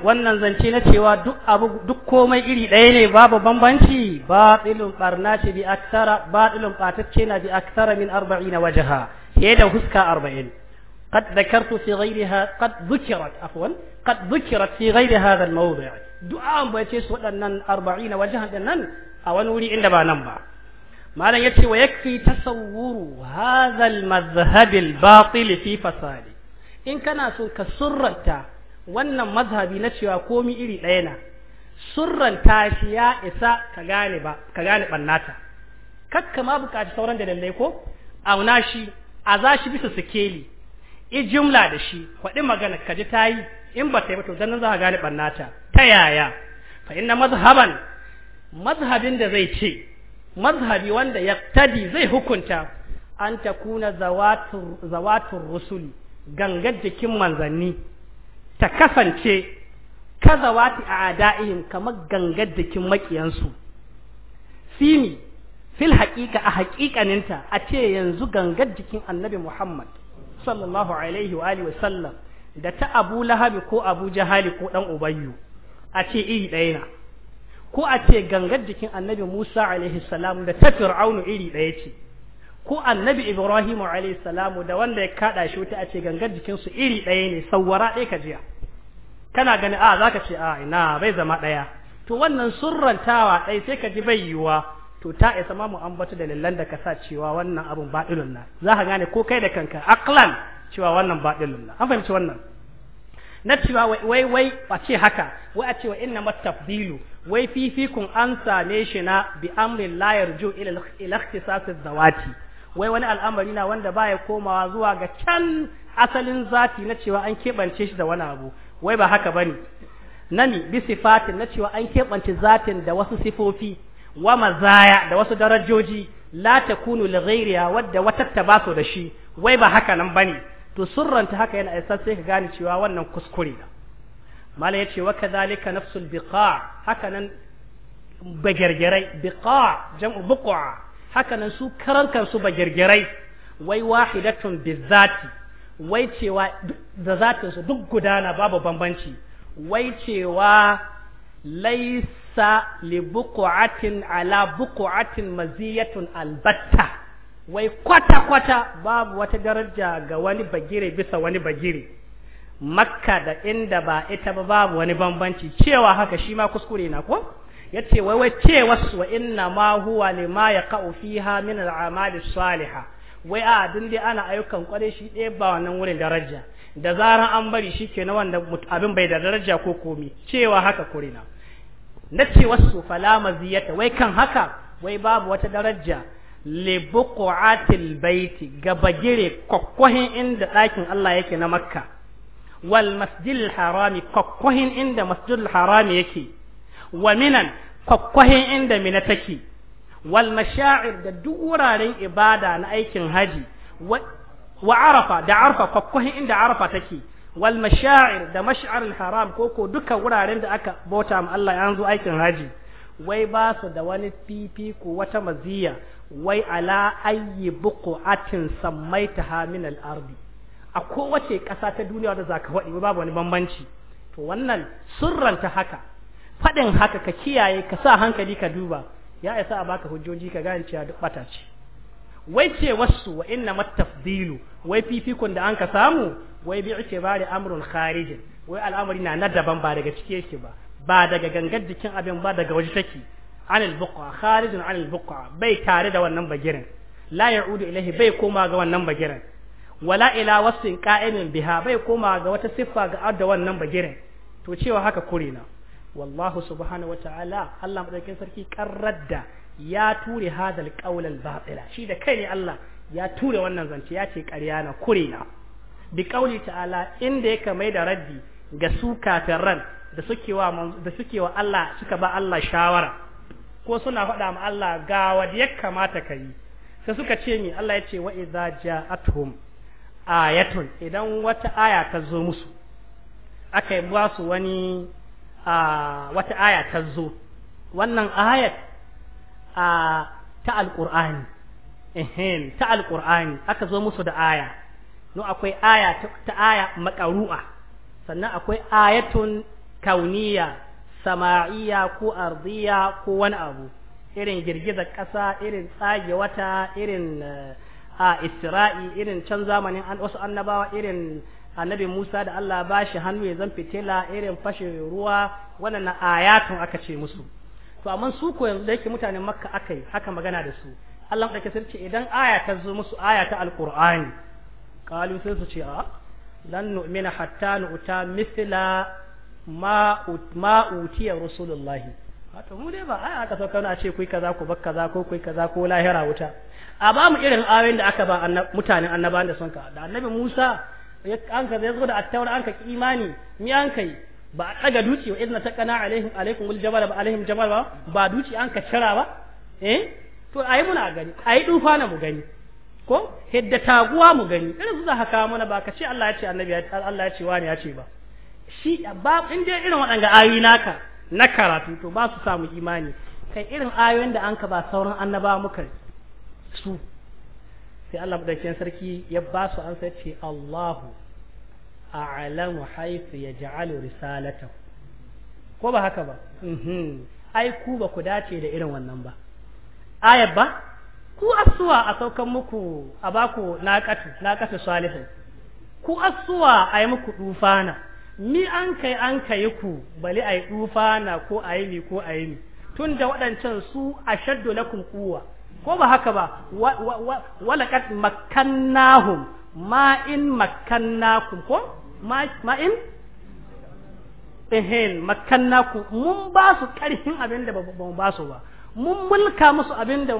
wannan zance na cewa duk abu duk komai iri ɗaya ne babu bambanci batilun barna ce bi aktara batilun batacce na bi aktara min 40 wajha fiye da huska 40 qad dhakartu fi ghayriha qad dhukirat afwan qad dhukirat fi ghayri hadha almawdi' du'a an bace su waɗannan 40 wajhan din nan a wani wuri inda ba nan ba malam yace wa yakfi tasawuru hadha mazhabin albatil fi in kana so ka surranta wannan mazhabi na cewa komi iri ɗaya na surranta shi ya isa ka gane ba ka gane ɓannata kakka ma bukaci sauran da lallai ko auna shi a za shi bisa sikeli i jumla da shi kwaɗi magana ka ji ta yi in ba ta yi to zanen za ka gane ɓannata ta yaya fa inna mazhaban mazhabin da zai ce mazhabi wanda ya tadi zai hukunta an takuna zawatun rusuli gangar jikin manzanni ta kasance kazawati a ada'ihim kamar gangar jikin maƙiyansu sini fil haƙiƙa a haƙiƙaninta a ce yanzu gangar jikin annabi muhammad sallallahu alaihi wa alihi wasallam da ta abu lahabi ko abu jahali ko dan ubayyu a ce iri ɗaya na ko a ce gangar jikin annabi musa alaihi salam da ta fir'aunu iri ɗaya ce ko annabi ibrahimu alayhi salamu da wanda ya kada shi wuta a ce gangar jikinsu iri ɗaya ne sawwara ɗaya ka jiya kana gani a ah, zaka ce a ah, ina bai zama ɗaya to wannan surrantawa ɗaya sai ka ji bai yiwuwa to ta isa ma mu ambata dalilan da ka sa cewa wannan abun baɗilun na za ka gane ko kai da kanka aklan cewa wannan baɗilun na an fahimci wannan na cewa wai wai a ce haka wai a cewa inna matafdilu wai fifikun an same shi na bi amrin layar yarju ila ikhtisas zawati wai wani al'amari na wanda baya komawa zuwa ga can asalin zati na cewa an keɓance shi da wani abu wai ba haka bane nani bi sifatin na cewa an keɓance zatin da wasu sifofi wa mazaya da wasu darajoji la takunu li ghairiha wadda wata tabaso da shi wai ba haka nan bane to surranta haka yana isa sai ka gane cewa wannan kuskure ne mala yace wa kadhalika nafsul biqa haka nan bagargarai biqa jam'u buqa Hakanan su karar kansu ba girgirai wai wahidatun bizati wai cewa da zatin su duk gudana babu bambanci wai cewa laisa li buqatin ala buqatin maziyatun albatta wai kwata kwata babu wata daraja ga wani bagire bisa wani bagire makka da inda ba ita ba babu wani bambanci cewa haka shi ma kuskure na ko yace wai wai ce wasu wa inna ma huwa lima yaqau fiha min amali wai a din dai ana ayyukan kware shi ɗaya ba wannan wurin daraja da zaran an bari shi ke na wanda abin bai da daraja ko komi cewa haka kurina na ce wasu falama ziyata wai kan haka wai babu wata daraja Lebu buqatil baiti ga bagire kokkohin inda ɗakin Allah yake na makka wal masjidil harami kokkohin inda masjidil harami yake wa minan kwakwahin inda mina take wal masha'ir da duk wuraren ibada na aikin haji wa arafa da arafa kwakwahin inda arafa take wal masha'ir da al haram ko ko duka wuraren da aka bauta ma Allah an zo aikin haji wai ba su da wani ko wata maziya wai ala ayyi buqatin ha min al-ardi a kowace ƙasa ta duniya da zaka faɗi babu wani bambanci to wannan surranta haka faɗin haka ka kiyaye ka sa hankali ka duba ya isa a baka hujjoji ka gane cewa duk bata ce wai ce wasu wa inna matafdilu wai fifikon da an ka samu wai bi ce bari da amrun kharijin wai al'amari na na daban ba daga cike yake ba ba daga gangar jikin abin ba daga waje take anil buqa kharijin anil buqa bai tare da wannan bagirin la ya'udu ilahi bai koma ga wannan bagirin wala ila wasin qa'imin biha bai koma ga wata siffa ga adda wannan bagirin to cewa haka kurina wallahu subhanahu wata'ala Allah madaukakin sarki da ya ture hadal qaulal batila shi da kai ne Allah ya ture wannan zance ya ce ƙarya na kure na bi qauli ta'ala inda yake mai da raddi ga su kafiran da suke wa da suke wa Allah suka ba Allah shawara ko suna faɗa ma Allah ga wadda ya kamata kai sai suka ce ni Allah ya ce wa idza ja'atuhum ayatun idan wata aya ta zo musu aka yi ba su wani a wata aya ta zo wannan ayat a ta alqur'ani ehem ta alqur'ani aka zo musu da aya no akwai aya ta aya maqaru'a sannan akwai ayatun kauniya sama'iya ko ardiya ko wani abu irin girgizar ƙasa irin tsage wata irin a isra'i irin can zamanin an wasu annabawa irin annabi Musa da Allah ba shi hannu ya zan fitila irin fashe ruwa wannan ayatun aka ce musu to amma su ko yanzu da yake mutanen Makka aka yi haka magana da su Allah madaka sai ce idan aya ta zo musu aya ta alqur'ani qalu sai su ce a lan nu'mina hatta nu'ta mithla ma ma utiya rasulullahi wato mu dai ba aya aka sauka na ce kuyi kaza ku bakka kaza ko kuyi kaza ko lahira wuta a ba mu irin ayoyin da aka ba mutanen annabawan da sun ka da annabi Musa an ka zai zo da attaura an ka ki imani mi an kai ba a daga duci wa idna taqana alaihim alaikum wal jabal ba alaihim jabal ba ba duci an ka cira ba eh to ayi muna gani ayi dufa na mu gani ko hidda taguwa mu gani irin su za ka kawo mana ba ka ce Allah ya ce annabi ya Allah ya ce wani ya ce ba shi ba in dai irin waɗanga ayoyi naka na karatu to ba su samu imani kai irin ayoyin da an ka ba sauran annabawa muka su sai Allah madaukakin sarki ya ba su ansa ce Allahu a'lamu haythu yaj'alu risalatahu ko ba haka ba mhm. ai ku ba ku dace da irin wannan ba ayat ba ku asuwa a saukan muku a baku naqatu naqatu salihin ku asuwa ai muku dufana ni an kai an kai ku bali ai dufana ko ai ni ko ai ni tunda waɗancan su a ashaddu lakum quwwa ko ba haka ba walaƙat makannahum ma in makannakum ko ma in ehen makannakum mun ba su ƙarfin abin da ba mu ba su ba mun mulka musu abin da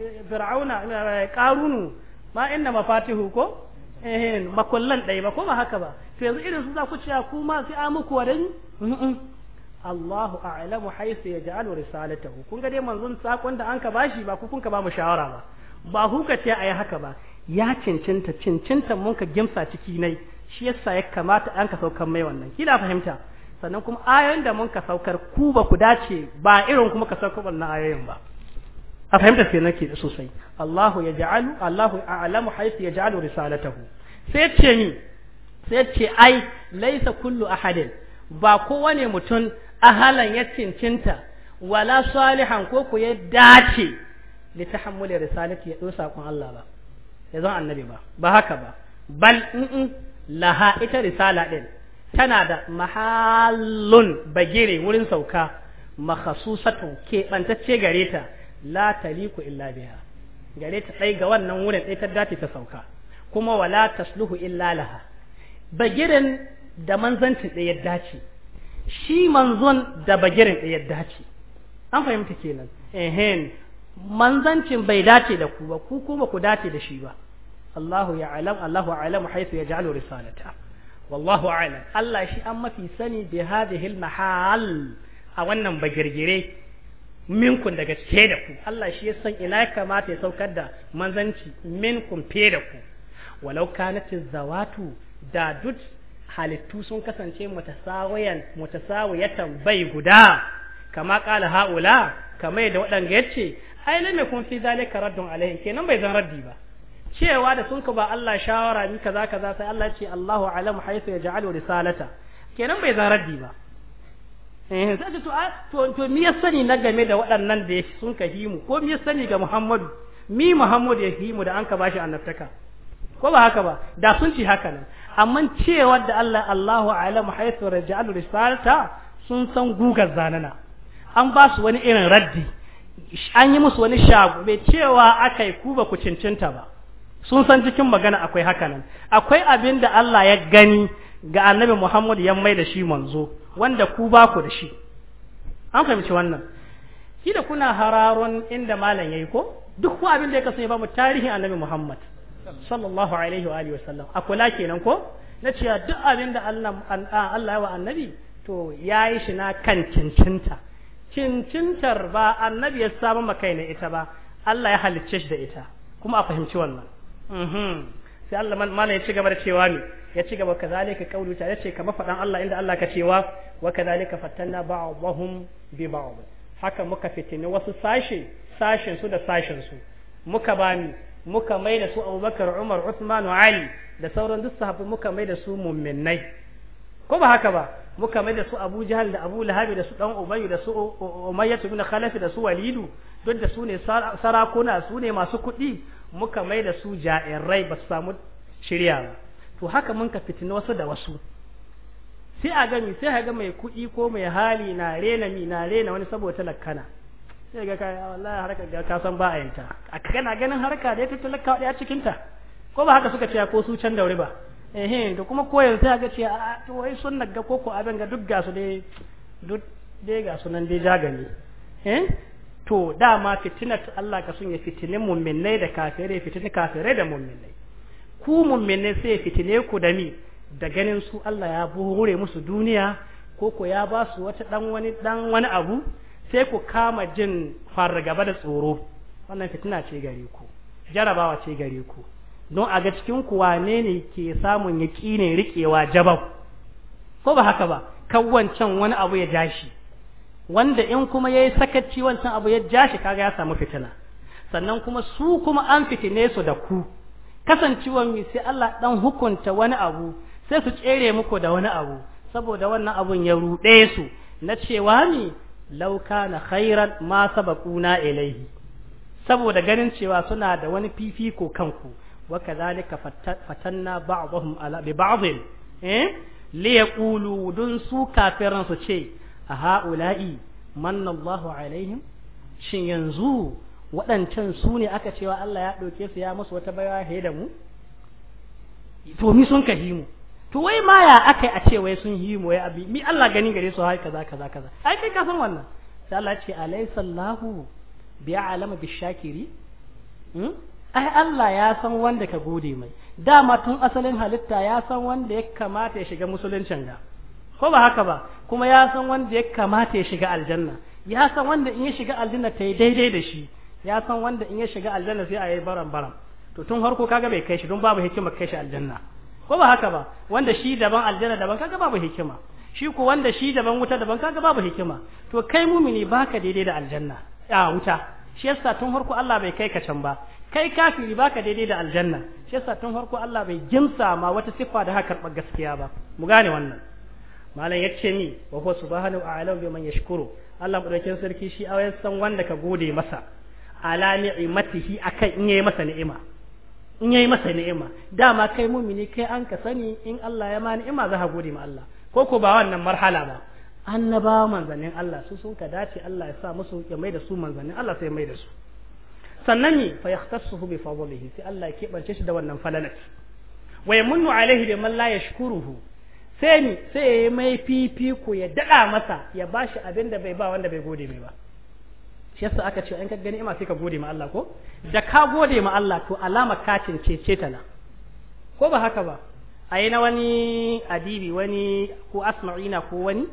eh, fir'auna eh, karunu ma inna mafatihu ko ehen makullan ɗaya ba ko ba haka ba to yanzu irin su za ku ciya kuma sai a muku wadan Allahu a'lamu haythu yaj'alu risalatahu kun ga dai manzon sakon da anka bashi ba ku kun ka ba mu shawara ba ba huka a ce ayi haka ba ya cincinta cincinta mun ka gimsa ciki nai shi yasa ya kamata an ka saukar mai wannan kila fahimta sannan kuma ayoyin da mun ka saukar ku ba ku dace ba irin kuma ka saukar wannan ayoyin ba a fahimta sai nake sosai Allahu yaj'alu Allahu a'lamu haythu yaj'alu risalatahu sai ce ni sai ce ai laisa kullu ahadin ba kowane mutum ahalan ya cincinta wala salihan ko ku ya dace li tahammuli risalati ya ɗo saƙon Allah ba ya zan annabi ba ba haka ba bal in laha ita risala ɗin tana da mahallun bagire wurin sauka makhasusatun keɓantacce gare ta la taliku illa biha gare ta ga wannan wurin ɗai ta dace ta sauka kuma wala tasluhu illa laha bagirin da manzancin ɗaya dace shi manzon da bagirin ɗaya dace an fahimta kenan ehen manzancin bai dace da ku ba ku kuma ku dace da shi ba Allahu ya alam Allahu alam haifu ya ja'alu risalata wallahu alam Allah shi an mafi sani bi hadhihi mahal a wannan bagirgire minkum daga ke da ku Allah shi ya san ina kamata ya saukar da manzanci minkum fe da ku walau kanat zawatu da duk halittu sun kasance mutasawiyan bai guda kama ƙala haula kamar da waɗanga yace ai lam kun fi zalika raddun alaihim kenan bai zan raddi ba cewa da sun ka ba Allah shawara ni kaza kaza sai Allah ce Allahu alamu haythu yaj'alu risalata kenan bai zan raddi ba eh sai ce to to to mi ya sani na game da waɗannan da sun ka himu ko mi ya sani ga Muhammadu mi Muhammadu ya himu da an ka bashi annabtaka ko ba haka ba da sun ci haka nan amma cewa da Allah Allahu a'lam haythu raja'al risalata sun san gugar zanana an ba su wani irin raddi an yi musu wani shago bai cewa akai ku ba ku cincinta ba sun san cikin magana akwai hakanan akwai abin da Allah ya gani ga annabi Muhammad ya mai da shi manzo wanda ku ba ku da shi an fahimci wannan shi da kuna hararon inda malam yayi ko duk abin da ya kasance ba mu tarihin annabi Muhammad sallallahu alaihi wa alihi a kula kenan ko na cewa duk abin da Allah ya wa annabi to yayi shi na kan cincinta cincintar ba annabi ya samu makai na ita ba Allah ya halicce shi da ita kuma a fahimci wannan mhm. sai Allah mana ya ci gaba da cewa ne ya ci gaba kazalika qawlu ta yace kamar fadan Allah inda Allah ka cewa wa kazalika fatanna ba'dahum bi ba'd haka muka fitini wasu sashe sashen su da sashen su muka bani muka mai da su abubakar umar usman ali da sauran duk sahabbai muka mai da su mumminai ko ba haka ba muka mai da su abu jahal da abu lahabi da su dan ubayu da su umayyah bin khalaf da su walidu duk da su ne sarakuna su ne masu kuɗi muka mai da su ja'irai ba su samu shirya ba to haka mun ka fitina wasu da wasu sai a gami sai a ga mai kuɗi ko mai hali na rena mi na rena wani saboda talakkana sai ga kai wallahi harka ga ka san ba a yanta kana ganin harka da ya tattalaka a cikin ta ko ba haka suka ce ko su can daure ba eh to kuma ko yanzu sai ga ce a to wai sunna ga koko abin ga duk gasu dai duk dai ga sunan dai jagani eh to dama fitinat Allah ka sun ya fitinin mu'minnai da kafirai fitinin kafirai da mu'minnai ku muminai sai fitine ku da mi da ganin su Allah ya buhure musu duniya koko ya ba su wata dan wani dan wani abu sai ku kama jin fargaba da tsoro wannan fitina ce gare ku jarabawa ce gare ku don a ga cikin ku wane ne ke samun yaki ne rikewa jabau ko ba haka ba kan wancan wani abu ya jashi wanda in kuma yayi sakaci wancan abu ya jashi kaga ya samu fitina sannan kuma su kuma an fitine su da ku kasancewar mi sai Allah dan hukunta wani abu sai su tsere muku da wani abu saboda wannan abun ya ruɗe su na cewa ne Lauka kana khairan ma sabaquna ilayhi saboda ganin cewa suna da wani fifiko kanku wa kadhalika fatanna ba'dhum ala bi ba'dhin eh li yaqulu dun su kafiran su ce a ha'ula'i manna Allahu alaihim shin yanzu waɗancan su ne aka cewa Allah ya ɗauke su ya musu wata baya da mu to mi sun kahimu mu to wai ma ya akai a ce wai sun yi mu wai abi mi Allah gani gare su haka kaza kaza kaza ai kai ka san wannan sai Allah ce alaysa Allahu bi Bishakiri bi hmm? ai Allah ya san wanda ka gode mai dama tun asalin halitta ya san wanda ya kamata ya shiga musuluncin ga ko ba haka ba kuma ya san wanda ya kamata ya shiga aljanna ya san wanda in ya shiga aljanna ta yi daidai da shi ya san wanda in ya shiga aljanna sai a yi baran baran to tun harko kaga bai kai shi don babu hikima kai shi aljanna ko ba haka ba wanda shi daban aljanna daban kaga babu hikima shi ko wanda shi daban wuta daban kaga babu hikima to kai mumini baka daidai da aljanna a wuta shi yasa tun farko Allah bai kai ka can ba kai kafiri baka daidai da aljanna shi yasa tun farko Allah bai ginsa ma wata siffa da haka karɓar gaskiya ba mu gane wannan malam yace ni wa huwa subhanahu wa ta'ala bi man yashkuru Allah madaukakin sarki shi a san wanda ka gode masa ala a akan in yayi masa ni'ima in yayi masa ni'ima dama kai mumini kai an ka sani in Allah ya ma ni'ima za ka gode ma Allah ko ko ba wannan marhala ba annabawa manzanin Allah su sun ka dace Allah ya sa musu ya mai da su manzanin Allah sai ya mai da su sannan ni fa yahtassuhu bi fadlihi sai Allah ya kebance shi da wannan falalati wa yamunnu alaihi bi man la yashkuruhu sai ni sai ya mai fifiko ya dada masa ya bashi abin da bai ba wanda bai gode mai ba shi yasa aka ce in ka gani ima sai ka gode ma Allah ko da ka gode ma Allah to alama katin ce ce na ko ba haka ba a yi na wani adibi wani ko asma'ina ko wani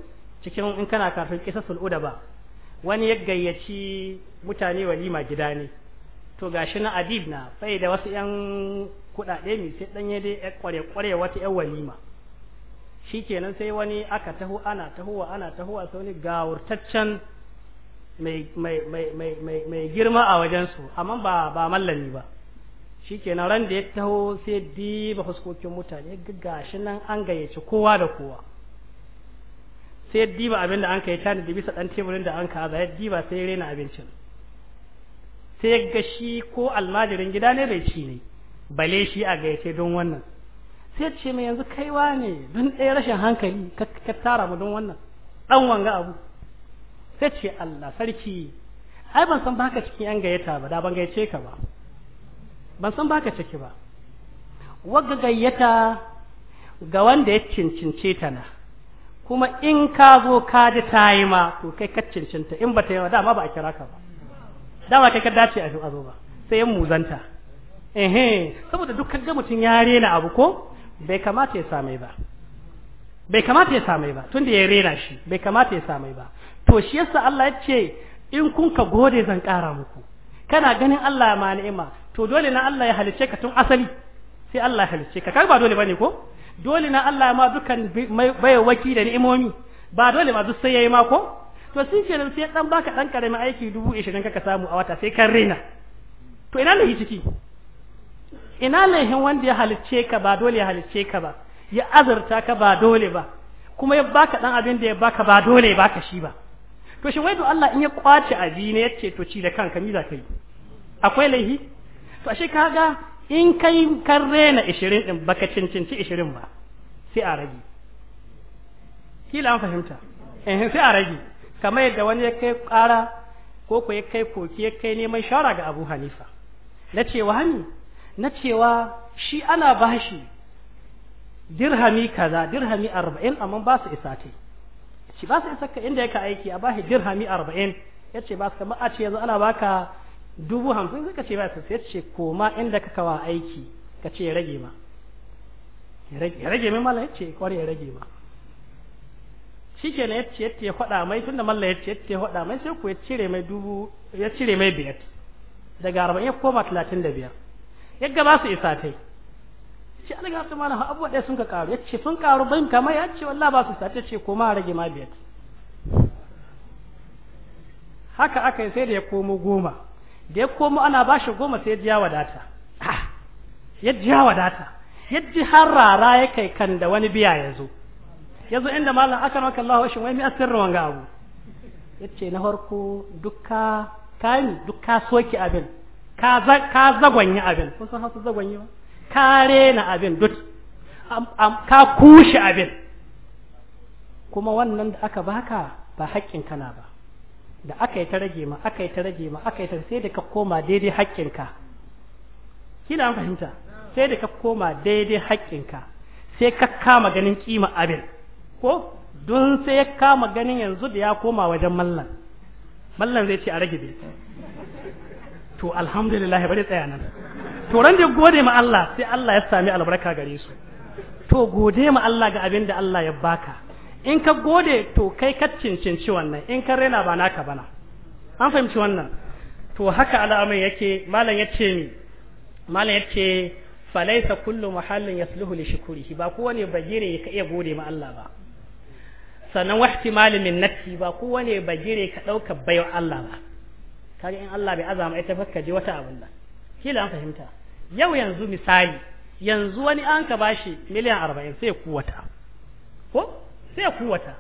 cikin in kana kafin kisasul uda ba wani ya gayyaci mutane walima gida ne to gashi na adib na sai da wasu yan kudade mi sai dan dai ya kware kware wata yan walima shikenan sai wani aka taho ana tahowa ana tahowa sai wani gawurtaccen mai mai girma a wajensu amma ba ba mallami ba shikenan ran da ya taho sai diba fuskokin mutane gashi nan an gayyaci kowa da kowa sai ya diba abin da an kai tani da bisa dan teburin da an kaza ya diba sai ya rena abincin sai ga shi ko almajirin gida ne bai ci ne bale shi a gayyace don wannan sai ce mai yanzu kaiwa ne don ɗaya rashin hankali ka tara mu don wannan dan wanga abu sai ce Allah sarki ai ban san baka cikin yan gayyata ba da ban gayyace ka ba ban san baka ciki ba wagga gayyata ga wanda ya cincince ta na kuma in ka zo ka ji ta yi ma to kai ka cincinta in ba ta yi ba dama ba a kira ka ba dama kai ka dace a zo ba sai yan muzanta ehe saboda duk kaga mutum ya rena abu ko bai kamata ya same ba bai kamata ya same ba tunda ya rena shi bai kamata ya same ba to shi yasa Allah ya ce in kun ka gode zan ƙara muku kana ganin Allah ma ni'ima to dole na Allah ya halice ka tun asali sai Allah ya halice ka kai ba dole bane ko dole na Allah ma dukan bayawaki da ni'imomi ba dole ma duk sai yayi ma ko to sun ce sai dan baka dan karamin aiki dubu 20 kaka samu a wata sai kan rena to ina ne ciki ina lahin wanda ya halicce ka ba dole ya halicce ka ba ya azurta ka ba dole ba kuma ya baka dan abin da ya baka ba dole ya baka shi ba to shi wai Allah in ya kwace abi ne ce to ci da kanka ni za ka yi akwai laihi to ashe kaga in kai kan rena 20 din baka cincinci 20 ba sai a rage kila an fahimta eh sai a rage kamar yadda wani ya kai kara ko ko ya kai koki ya kai neman shara ga Abu Hanifa na cewa hani na cewa shi ana bashi dirhami kaza dirhami 40 amma ba su isa tai shi ba su isa ka inda yake aiki a bashi dirhami arba'in ya ce ba su kamar a ce yanzu ana baka dubu hamsin ka ce ba su sai ce koma inda ka kawa aiki ka ce ya rage ma ya rage min mala ya ce kwarai ya rage ma shi ke na yace yace ya faɗa mai tunda malla yace yace ya faɗa mai sai ku ya cire mai dubu ya cire mai biyar daga arba'in ya koma talatin da biyar
yadda ba su isa
tai shi an ga ta malaha abuwa ɗaya sun ka karu ya ce sun karu ban kama ya ce wallah ba su sa ta ce koma rage ma biyar haka aka yi sai da ya komo goma da ya komo ana ba shi goma sai ya wadata ah, ya jiya wadata ya ji har rara ya kai kan da wani biya ya zo ya zo inda malam aka raka Allah shi wai mi asirin wanga abu ya ce na farko duka kayan duka soki abin ka zagwanyi abin kun san hausa zagwanyi ba ka rena abin duk ka kushe abin kuma wannan da aka baka ba haƙƙin kana ba da aka yi ta rage ma aka yi ta rage ma aka yi ta sai da ka koma daidai haƙƙinka kina fahimta sai da ka koma daidai haƙƙinka sai ka kama ganin kima abin ko don sai ya kama ganin yanzu da ya koma wajen mallan mallan zai ce a rage bai to alhamdulillah bari tsaya nan to ran da gode ma Allah sai Allah ya sami albarka gare su to gode ma Allah ga abin da Allah ya baka in ka gode to kai ka cincinci wannan in ka rena ba naka bana an fahimci wannan to haka al'amarin yake malam yace ni malam yace falaisa kullu muhallin yasluhu li shukrihi ba kowane bagire ka iya gode ma Allah ba sannan ihtimali min nafsi ba kowane bagire ka dauka bayo Allah ba kaga in Allah bai azama ita fakka je wata abin nan kila an fahimta yau yanzu misali yanzu wani an ka bashi miliyan arba'in sai kuwata ko sai kuwata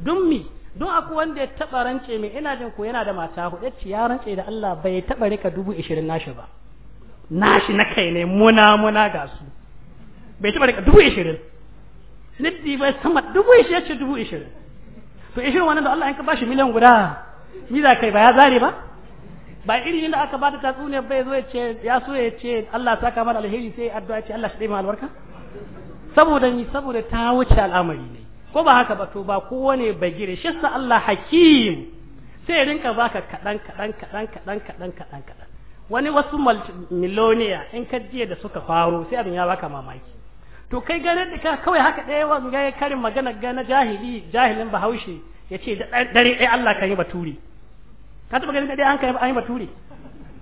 don mi don aku wanda ya taba rance mai ina jin ko yana da mata hudu ci ya rance da Allah bai taba rika dubu ishirin nashi ba nashi na kai ne muna muna ga su bai taba rika dubu ishirin niddi bai sama dubu ishirin ce dubu ishirin to ishirin wannan da Allah an ka bashi miliyan guda ni za kai ba ya zare ba ba irin yadda aka bada tatsuniyar bai zo ya ce ya so ya ce Allah saka mana alheri sai addu'a ce Allah shi dai albarka saboda ni saboda ta wuce al'amari ne ko ba haka ba to ba kowane bagire shi sa Allah hakim sai rinka baka kadan kadan kadan kadan kadan kadan kadan wani wasu miloniya in ka jiya da suka faro sai abin ya baka mamaki to kai ganin da ka kawai haka ɗaya wanga ya karin magana ga na jahili jahilin bahaushe ya ce dare ɗaya Allah kan yi baturi ka taba ganin dai an kai an yi bature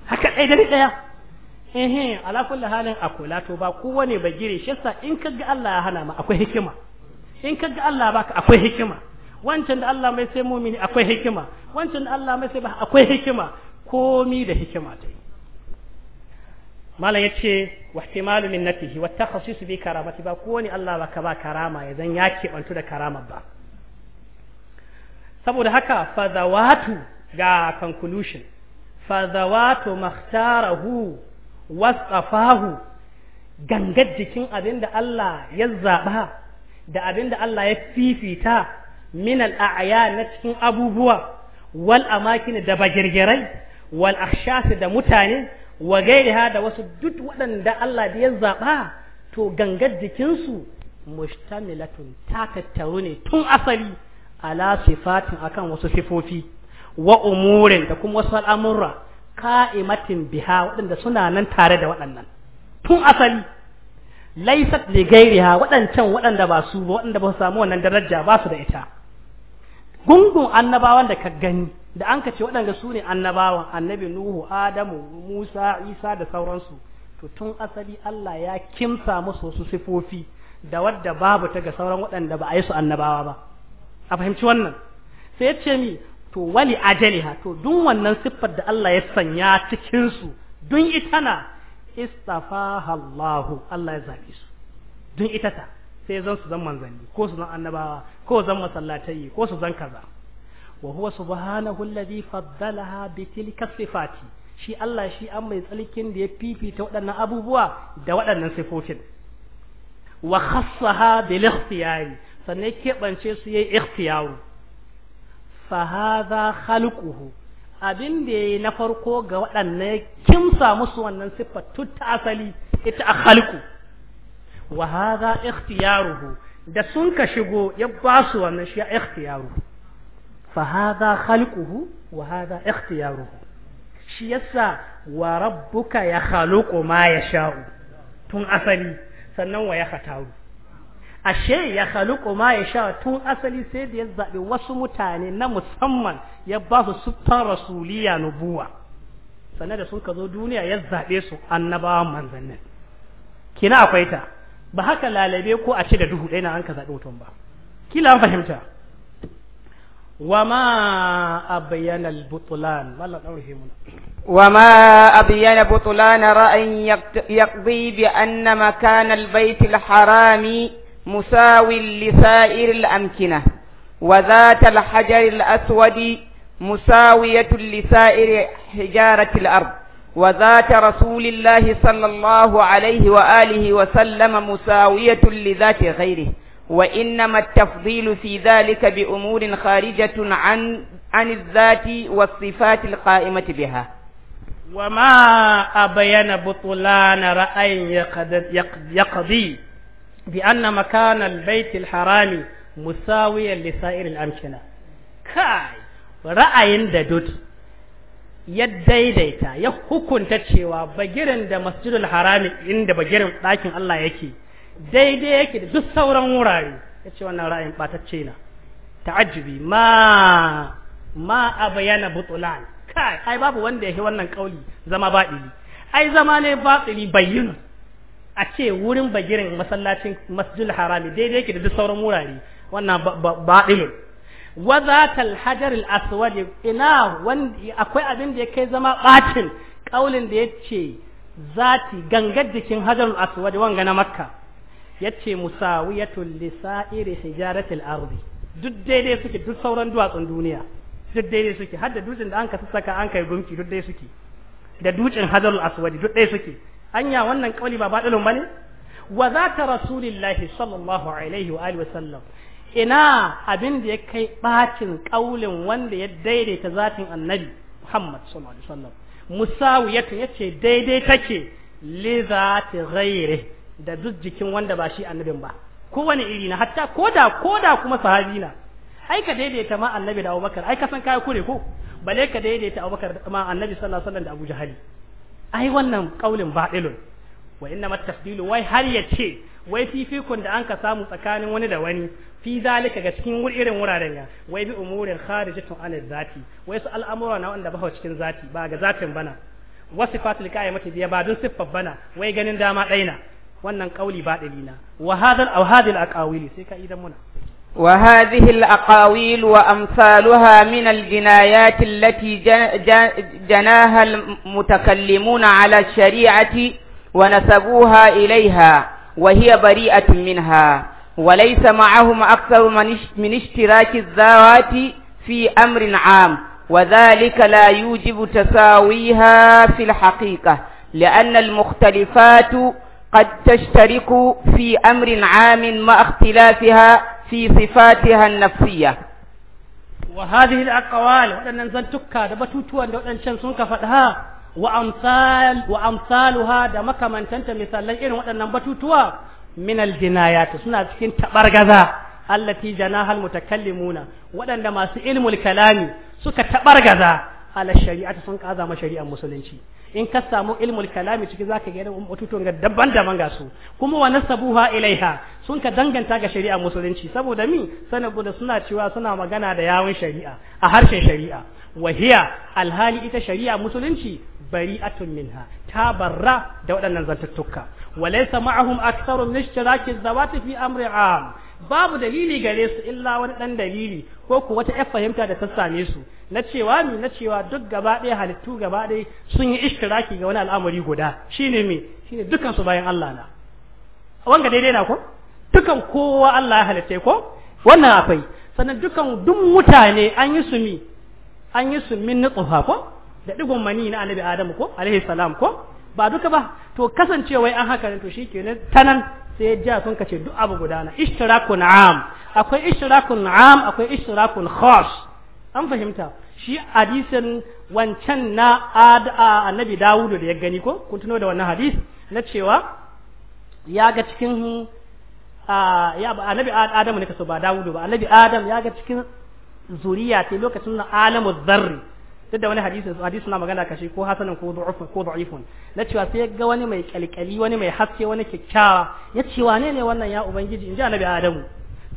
haka dai dare daya eh eh ala kulli halin akula to ba kowane ba gire shi yasa in kaga Allah ya hana ma akwai hikima in kaga Allah baka akwai hikima wancan da Allah mai sai mumini akwai hikima wancan da Allah mai sai ba akwai hikima komi da hikima ta yi malam yace wa ihtimalu minnatihi wa takhassus bi karamati ba ne Allah baka ba karama ya zan ya bantu da karama ba saboda haka fa zawatu ga conclusion fadawato zawatu makhtarahu wasafahu gangar jikin abinda Allah ya zaɓa da abinda Allah ya fifita min al'aya na cikin abubuwa wal amakin da bagirgirai wal akhshas da mutane wa gairiha da wasu duk waɗanda Allah da ya zaɓa to gangar jikinsu mustamilatun ta tattaru ne tun asali ala sifatin akan wasu sifofi wa umurin da kuma wasu al'amurra ka'imatin biha waɗanda suna nan tare da waɗannan tun asali laisat li gairiha waɗancan waɗanda ba su ba waɗanda ba su samu wannan daraja ba su da ita gungun annabawan da ka gani da an ka ce waɗanda su ne annabawan annabi nuhu adamu musa isa da sauransu to tun asali allah ya kimsa musu wasu sifofi da wadda babu ta ga sauran waɗanda ba a yi su annabawa ba a fahimci wannan sai ya ce mi to wali ajaliha to dun wannan siffar da Allah ya sanya cikin su dun ita na istafaha Allah Allah ya zabe su dun ita ta sai zan su zan manzanni ko su zan annabawa ko zan masallatai ko su zan kaza wa huwa subhanahu alladhi faddalaha bi tilka sifati shi Allah shi an mai tsalkin da ya fifita waɗannan abubuwa da waɗannan sifofin wa khassaha bil ikhtiyari sannan keɓance su yayi ikhtiyaru fahaza hadha khalquhu abin da yayi na farko ga waɗannan kimsa musu wannan siffa tutta asali ita khalqu wa hadha ikhtiyaruhu da sun ka shigo ya ba su wannan shi ikhtiyaruhu fa hadha khalquhu wa hadha ikhtiyaruhu shi yasa wa rabbuka ya khaluqu ma yasha'u tun asali sannan wa ya khataru ashe ya khaluqu ma yasha tun asali sai da ya zabi wasu mutane na musamman ya ba su siffar rasuliya nubuwa sannan da sun ka zo duniya ya zaɓe su annabawan manzannin kina akwai ta ba haka lalabe ko a ce da duhu ɗaya na an ka zaɓi mutum ba kila an fahimta butulan. وما أبين
البطلان وما أبين بطلان رأي يقضي بأن مكان البيت الحرام مساو لسائر الأمكنة وذات الحجر الأسود مساوية لسائر حجارة الأرض وذات رسول الله صلى الله عليه وآله وسلم مساوية لذات غيره وإنما التفضيل في ذلك بأمور خارجة عن عن الذات
والصفات القائمة بها وما أبين بطلان رأي يقضي bi anna makanal baitil harami musawiyan li sa'iril amkina kai ra'ayin da dut ya daidaita ya hukunta cewa bagirin da masjidul harami inda bagirin dakin Allah yake daidai yake da duk sauran wurare ya ce wannan ra'ayin ɓatacce na ta'ajibi ma ma a bayana butulan kai ai babu wanda ya wannan kauli zama baɗili ai zama ne baɗili bayyana a ce wurin bagirin masallacin masjul harami daidai yake da duk sauran wurare wannan baɗilun wa zatal hajaril aswad ina wanda akwai abin da ya kai zama batin kaulin da ya ce zati gangar jikin hajarul aswad wanga na makka yace musawiyatul lisa'iri hijaratil ardi duk daidai suke duk sauran duwatsun duniya duk daidai suke har da dutsen da an ka saka an kai gunki duk daidai suke da dutsen hajarul aswad duk daidai suke anya wannan kauli ba badalun bane wa za ta rasulillahi sallallahu alaihi wa alihi wasallam ina abin da ya kai bacin kaulin wanda ya daidaita zatin annabi Muhammad sallallahu alaihi wasallam musawiyatu yace daidai take li zati ghairi da duk jikin wanda ba shi annabin ba kowane iri na hatta koda koda kuma sahabi na ai ka daidaita ma annabi da Abubakar ai ka san kai kure ko bale ka daidaita Abubakar ma annabi sallallahu alaihi wasallam da Abu Jahali ai wannan kaulin batilun wa inna tafdilu wai har ya ce wai fifikon da anka samu tsakanin wani da wani fi zalika ga cikin irin wuraren ya wai bi umurin kharijatun an zati wai su al'amura na wanda ba cikin zati ba ga zatin bana wasu fatil mata biya ba dun siffar bana wai ganin dama ɗaina wannan kauli ba dalina wa hadal aw hadil aqawili sai ka idan muna وهذه الأقاويل وأمثالها من الجنايات
التي جناها المتكلمون على الشريعة ونسبوها إليها وهي بريئة منها وليس معهم أكثر من اشتراك الذوات في أمر عام وذلك لا يوجب تساويها في الحقيقة لأن المختلفات قد تشترك في أمر عام مع اختلافها fi sifatiha
nafsiyya wa hadhihi al aqwal wadannan zan tukka da batutuwan da wadannan sun ka fada wa amsal wa da makamantanta misalan irin wadannan batutuwa min al jinayat suna cikin tabargaza allati janaha al mutakallimuna wadanda masu ilmul kalami suka tabargaza ala shari'ata sun kaza ma shari'ar musulunci in ka samu ilmul kalami ciki zaka ga batutuwan daban-daban ga su kuma wa nasabuha ilaiha sun ka danganta ga shari'a musulunci saboda mi saboda suna cewa suna magana da yawon shari'a a harshen shari'a wahiya alhali ita shari'a musulunci bari'atun minha ta barra da waɗannan zantattuka walaysa ma'ahum aktharun nishtiraki zawati fi amri am babu dalili gare su illa wani dan dalili ko ku wata yar fahimta da ta same su na cewa mi na cewa duk gaba ɗaya halittu gaba ɗaya sun yi ishtiraki ga wani al'amari guda shine mi shine dukkan su bayan Allah na wanga daidai na ko dukan kowa Allah ya halitta ko wannan akwai sannan dukan duk mutane an yi su mi an yi su min nutsuha ko da digon mani na annabi Adam ko alaihi salam ko ba duka ba to kasancewa an haka ne to shikenan tanan sai ya ja sun kace duk abu gudana ishtirakun am akwai ishtirakun am akwai ishtirakun khas an fahimta shi hadisin wancan na annabi Dawudu da ya gani ko kun tuno da wannan hadis na cewa ya ga cikin Ah, ya annabi Adamu ne kaso ba Dawudu ba annabi Adam ya ga cikin zuriya ta lokacin na alamu zarri duk da wani hadisi hadisi na magana kashi ko hasanin ko du'ufun ko da'ifun na cewa sai ya ga wani mai kalkali wani mai haske wani kyakkyawa ya ce wane ne wannan ya ubangiji in ji annabi Adamu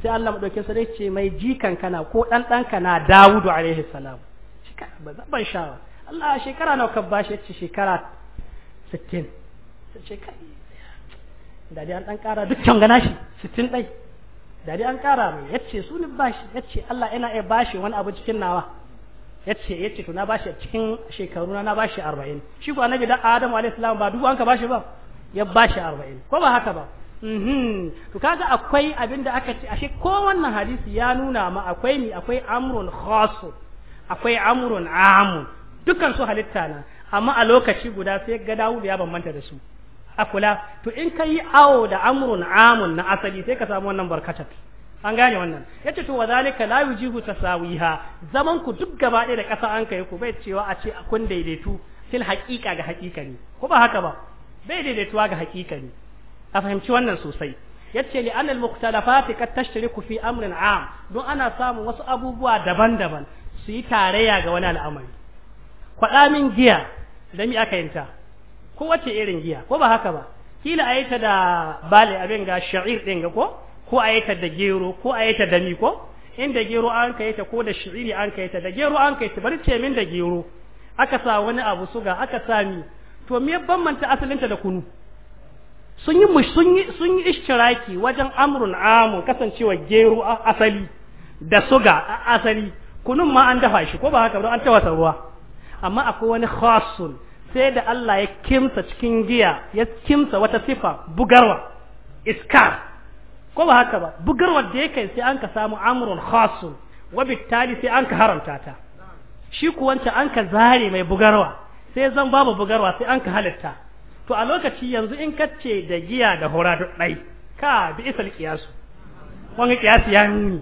sai Allah madaukin sa ce mai jikan kana ko dan dan kana Dawudu alaihi salam shekara ba zaban shawa Allah shekara nawa ka bashi ya ce shekara 60 sai da dai an dan kara dukkan gana shi sittin dai da dai an kara mai yace su ni bashi yace Allah yana iya bashi wani abu cikin nawa yace yace to na bashi cikin shekaru na bashi 40 shi ko annabi da Adam alayhi salam ba duk an ka bashi ba ya bashi 40 ko ba haka ba mhm to kaga akwai abinda aka ce ashe ko wannan hadisi ya nuna ma akwai ni akwai amrun khas akwai amrun amun dukkan su halitta na amma a lokaci guda sai ga Dawud ya bambanta da su A kula to in ka yi awo da amrun amun na asali sai ka samu wannan barkatar an gane wannan yace to wazalika la yujihu tasawiha zaman ku duk gaba ɗaya da ƙasa an kai ku bai cewa a ce kun daidaitu fil haƙiƙa ga ne ko ba haka ba bai daidaituwa ga ne a fahimci wannan sosai yace li anna al mukhtalafati kad tashtariku fi amrin am don ana samun wasu abubuwa daban-daban su yi tarayya ga wani al'amari kwaɗa min giya da mi aka yinta ko wace irin giya ko ba haka ba kila a ta da bale abin ga sha'ir ɗin ga ko ko a ta da gero ko a ta da mi ko inda gero an ka ta ko da sha'iri an ka ta da gero an ka ta bari ce min da gero aka sa wani abu suga aka sa to me bambanta asalinta da kunu sun yi sun yi sun yi ishtiraki wajen amrun amun kasancewa gero asali da suga asali kunun ma an dafa shi ko ba haka ba an tawasa ruwa amma akwai wani khasun sai da Allah ya kimsa cikin giya ya kimsa wata sifa bugarwa iskar ko ba haka ba bugarwa da yake sai an ka samu amrun khasun wa bittali sai an ka haramta ta shi ku wancan an ka zare mai bugarwa sai zan babu bugarwa sai an ka halitta to a lokaci yanzu in kace da giya da hora duk dai ka bi isal qiyasu wanga kiyasu ya nuni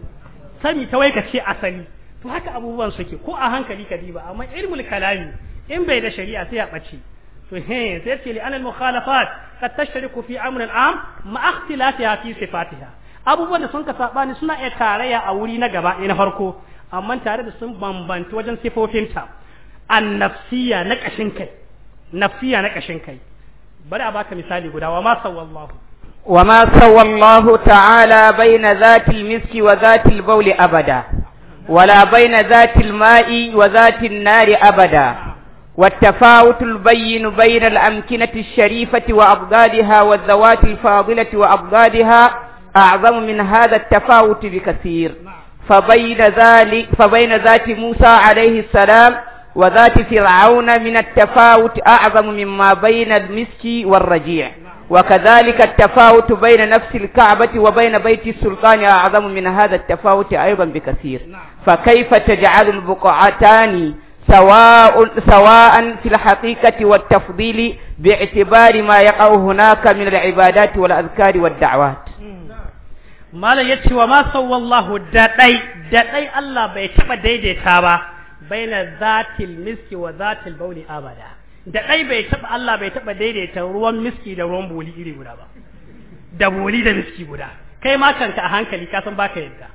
sami ta wai ka asali to haka abubuwan suke ko a hankali ka diba amma ilmul kalami in bai da shari'a sai ya bace to he sai ce li anal mukhalafat qad tashtariku fi amr al am ma ikhtilafiha fi sifatiha abubuwan da sun ka sabani suna iya tarayya a wuri na gaba eh, na farko amma tare da sun bambanta wajen sifofinta an nafsiya na kashin kai nafsiya na kashin kai bari a baka misali guda wa ma sawallahu
وما سوى baina تعالى miski wa المسك وذات abada, أبدا ولا بين ma'i wa وذات nari abada. والتفاوت البين بين الأمكنة الشريفة وأبدالها والذوات الفاضلة وأبدالها أعظم من هذا التفاوت بكثير فبين ذلك فبين ذات موسى عليه السلام وذات فرعون من التفاوت أعظم مما بين المسك والرجيع وكذلك التفاوت بين نفس الكعبة وبين بيت السلطان أعظم من هذا التفاوت أيضا بكثير فكيف تجعل البقعتان سواء سواء في الحقيقة والتفضيل باعتبار ما يقع هناك من العبادات والأذكار والدعوات
mala ya ce wa ma sallallahu daɗai daɗai Allah bai taɓa daidaita ba baina zatil miski wa zatil bauli abada daɗai bai taɓa Allah bai taɓa daidaita ruwan miski da ruwan boli iri guda ba da boli da miski guda kai ma kanka a hankali ka san baka yadda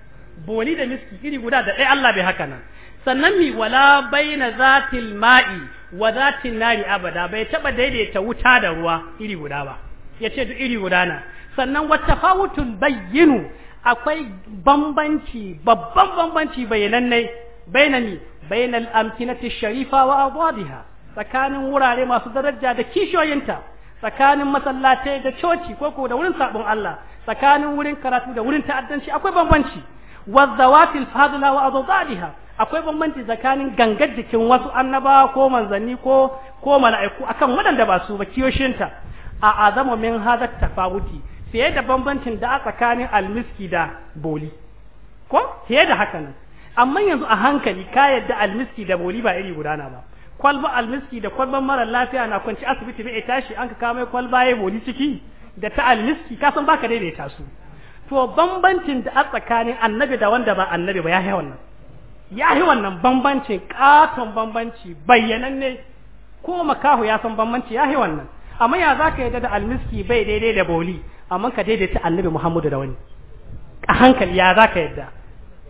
boli da miski iri guda da Allah bai haka nan sannan mi wala baina zatil ma'i wa zatin nari abada bai taba daidaita wuta da ruwa iri guda ba yace duk iri guda na sannan wa tafawutun bayyinu akwai bambanci babban bambanci bayananne bainani bainal amkinati sharifa wa adadiha tsakanin wurare masu daraja da kishoyinta tsakanin masallatai da coci ko ko da wurin sabon Allah tsakanin wurin karatu da wurin ta'addanci akwai bambanci والذوات الفاضلة وأضدادها akwai bambanci tsakanin gangar jikin wasu annaba ko manzanni ko ko mala'iku akan waɗanda ba su ba kiyoshinta a azama min hada tafawuti fiye da bambancin da tsakanin almiski da boli ko fiye da haka nan amma yanzu a hankali ka yadda almiski da boli ba iri gudana ba kwalba almiski da kwalban mara lafiya na kwanci asibiti bai tashi an ka kawo kwalba ya boli ciki da ta almiski ka san baka daidaita su to bambancin da a tsakanin annabi da wanda ba annabi ba ya yi wannan ya yi wannan bambancin katon bambanci bayyananne ko makahu ya san bambanci ya yi wannan amma ya za ka yadda da almiski bai daidai da boli amma ka daidaita annabi muhammadu da wani a hankali ya za ka yadda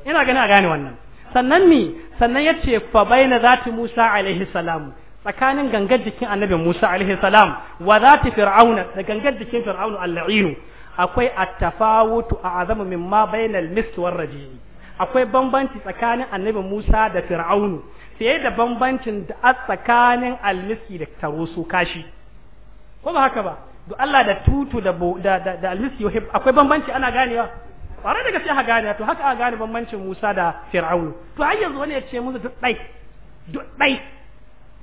ina gani a gane wannan sannan mi sannan ya ce fa za zati musa alaihi salam tsakanin gangar jikin annabi musa alaihi salam wa ta fir'auna da gangar jikin fir'auna al akwai attafawutu tafawutu a'zamu mimma bainal mist war rajim akwai bambanci tsakanin annabi Musa da Fir'aunu sai da bambancin da a tsakanin almiski da taro su kashi ko ba haka ba duk Allah da tutu da da da, almiski akwai bambanci ana ganewa ƙwarar daga sai ha gane to haka a gane bambancin Musa da Fir'aunu to har yanzu wani ya ce musu duk ɗai duk ɗai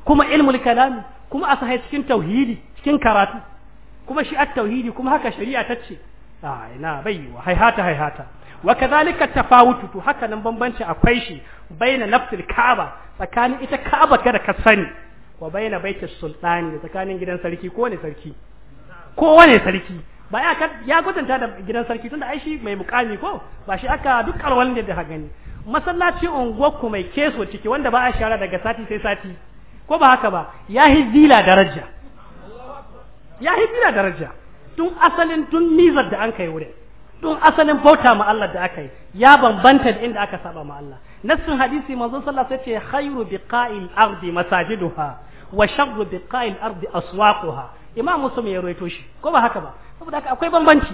kuma ilmul kalam kuma a sahai cikin tauhidi cikin karatu kuma shi at-tauhidi kuma haka shari'a tace a ah, ina baiwa haihata haihata wa tafawutu to haka nan bambanci akwai shi baina nafsil ka'aba tsakanin ita ka'aba kada ka sani wa baina baitis sultani da tsakanin gidan sarki ko ne sarki ko wane sarki ba ya ya gudunta da gidan sarki tunda ai shi mai mukami ko ba shi aka duk wanda da ha gani masallaci unguwar ku mai keso ciki wanda ba a shara daga sati sai sati ko ba haka ba ya yi zila daraja ya da daraja tun asalin tun nizar da an kai wurin tun asalin bauta ma Allah da aka yi ya bambanta da inda aka saba ma Allah nassin hadisi manzon sallallahu ya ce. yace khairu biqa'il ardi masajiduha wa sharru biqa'il ardi aswaquha imam muslim ya rawaito shi ko ba haka ba saboda haka akwai bambanci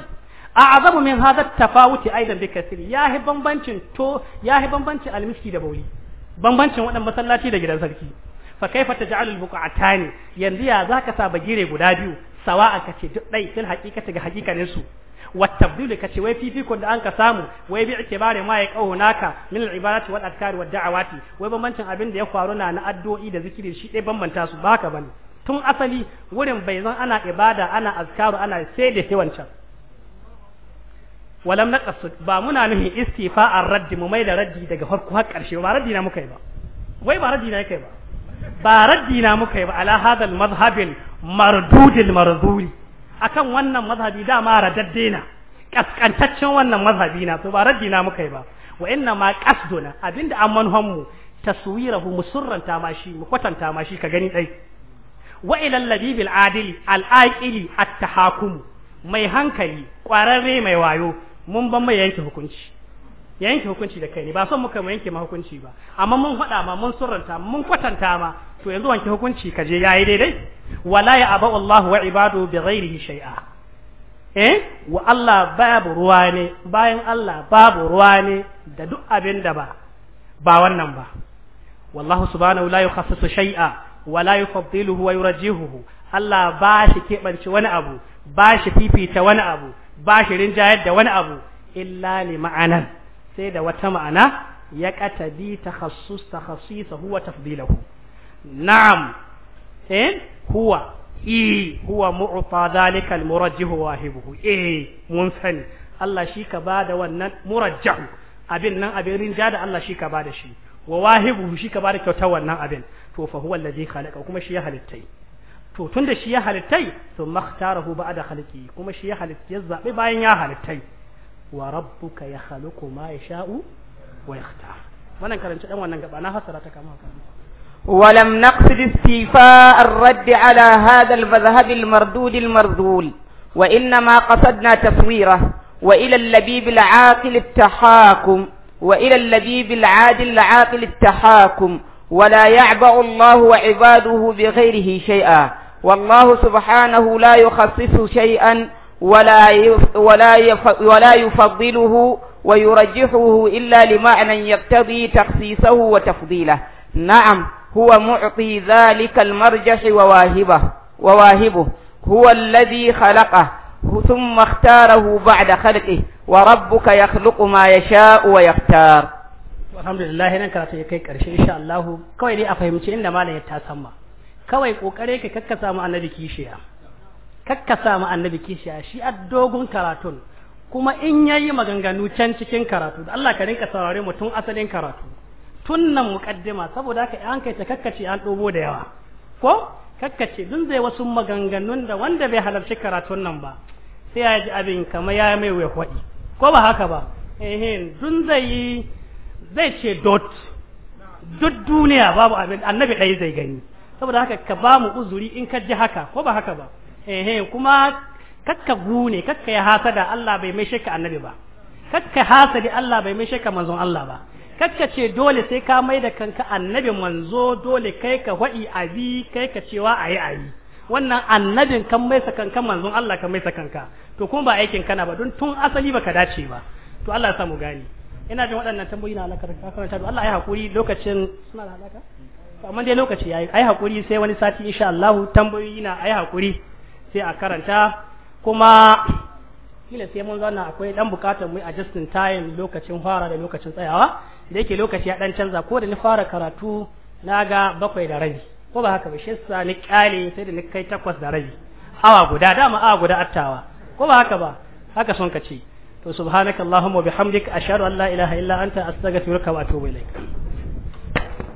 a'azamu min hadha tafawuti aidan bi kasir yahi bambancin to yahi bambancin almiski da bauli bambancin wadan masallaci da gidan sarki fa kaifa taj'alul buqa'atani yanzu ya zaka sa bagire guda biyu a kace duk dai fil haqiqati ga hakikanin su wa tabdil kace wai fifikon da an ka samu wai bi itibari ma ya naka min al ibadati wal adkari wad da'awati wai bambancin abin da ya faru na na addu'o'i da zikiri shi dai bambanta su ba haka bane tun asali wurin bai zan ana ibada ana azkaru ana sai da sai wancan walam naqas ba muna nuhin istifa'ar raddi mu mai da raddi daga farko har karshe ba raddi na muka yi ba wai ba raddi na kai ba ba raddina muka yi ba ala hadal mazhabin mardudil marzuli akan wannan mazhabi dama radadde na kaskantaccen wannan mazhabi na to ba raddi muka yi ba wa inna ma qasduna abinda an manhon mu taswirahu mu ma mashi mu kwatanta mashi ka gani dai wa ila al-labibil adil al-aqili at-tahakum mai hankali kwararre mai wayo mun ban mai yanke hukunci ya yanke hukunci da kai ne ba son muka mu yanke ma hukunci ba amma mun faɗa ma mun surranta mun kwatanta ma to yanzu wanke hukunci ka je yayi daidai wala ya aba wallahu wa ibadu bi ghairihi shay'a eh wa Allah babu ruwa ne bayan Allah babu ruwa ne da duk abin da ba ba wannan ba wallahu subhanahu la yukhaffifu shay'a wala yufaddiluhu wa yurajjihuhu Allah ba shi wani abu ba shi fifita wani abu ba shi rinjayar da wani abu illa li ma'anar sai da wata ma'ana ya qatadi takhassus takhassisa huwa tafdilahu na'am eh huwa i huwa mu'ta dhalika al-murajjih wahibuhu eh mun sani Allah shi ka bada wannan murajjahu abin nan abin rinja da Allah shi ka bada shi wa wahibuhu shi ka bada kyautar wannan abin to fa huwa allazi khalaqa kuma shi ya halittai to tunda shi ya halittai to makhtarahu ba'da khalqi kuma shi ya halitta ya zabe bayan ya halittai وربك يخلق ما يشاء ويختار wa yakhtar wannan karanci dan wannan gaba na hasara ta kama haka
ولم نقصد استيفاء الرد على هذا المذهب المردود المرذول وإنما قصدنا تصويره وإلى اللبيب العاقل التحاكم وإلى اللبيب العادل العاقل التحاكم ولا يعبأ الله وعباده بغيره شيئا والله سبحانه لا يخصص شيئا ولا يفضله ويرجحه إلا لمعنى يقتضي تخصيصه وتفضيله نعم هو معطي ذلك المرجح وواهبه وواهبه هو الذي خلقه ثم اختاره بعد خلقه وربك يخلق ما يشاء ويختار
الحمد لله nan karatu ya kai karshe insha Allah kawai dai a fahimci inda malam ya tasamma kawai kokare ka kakkasa mu annabi kishiya kakka samu annabi kishiya shi a dogon karatun kuma in yayi maganganu can cikin karatu da Allah ka rinka saurare mu tun asalin karatu tun nan muqaddima saboda haka an kai ta kakkace an dobo da yawa ko kakkace dun zai wasu maganganun da wanda bai halarci karatun nan ba sai ya ji abin kamar ya mai wai hwadi ko ba haka ba eh dun zai zai ce dot duk duniya babu abin annabi ɗaya zai gani saboda haka ka ba mu uzuri in ka ji haka ko ba haka ba Ehe kuma kakka gune kakka ya hasada Allah bai mai shaka annabi ba kakka hasadi Allah bai mai shaka manzon Allah ba kakka ce dole sai ka mai da kanka annabi manzo dole kai ka wa'i abi kai ka cewa ayi ayi wannan annabin kan mai kanka manzon Allah kan mai kanka to kuma ba aikin kana ba don tun asali baka dace ba to Allah ya samu gani ina jin waɗannan tambayoyi na alakar karanta to Allah ya hakuri lokacin suna da alaka amma dai lokaci yayi ai hakuri sai wani sati insha Allah tambayoyi na ai hakuri sai a karanta kuma kila sai mun zauna akwai dan bukatar mu a justin time lokacin fara da lokacin tsayawa da yake lokaci ya dan canza ko da ni fara karatu naga bakwai da rabi ko ba haka ba shi sa ni kyale sai da ni kai takwas da rabi awa guda dama awa guda attawa ko ba haka ba haka son ka ce to subhanakallahumma bihamdika ashhadu an la ilaha illa anta astaghfiruka wa atubu ilaik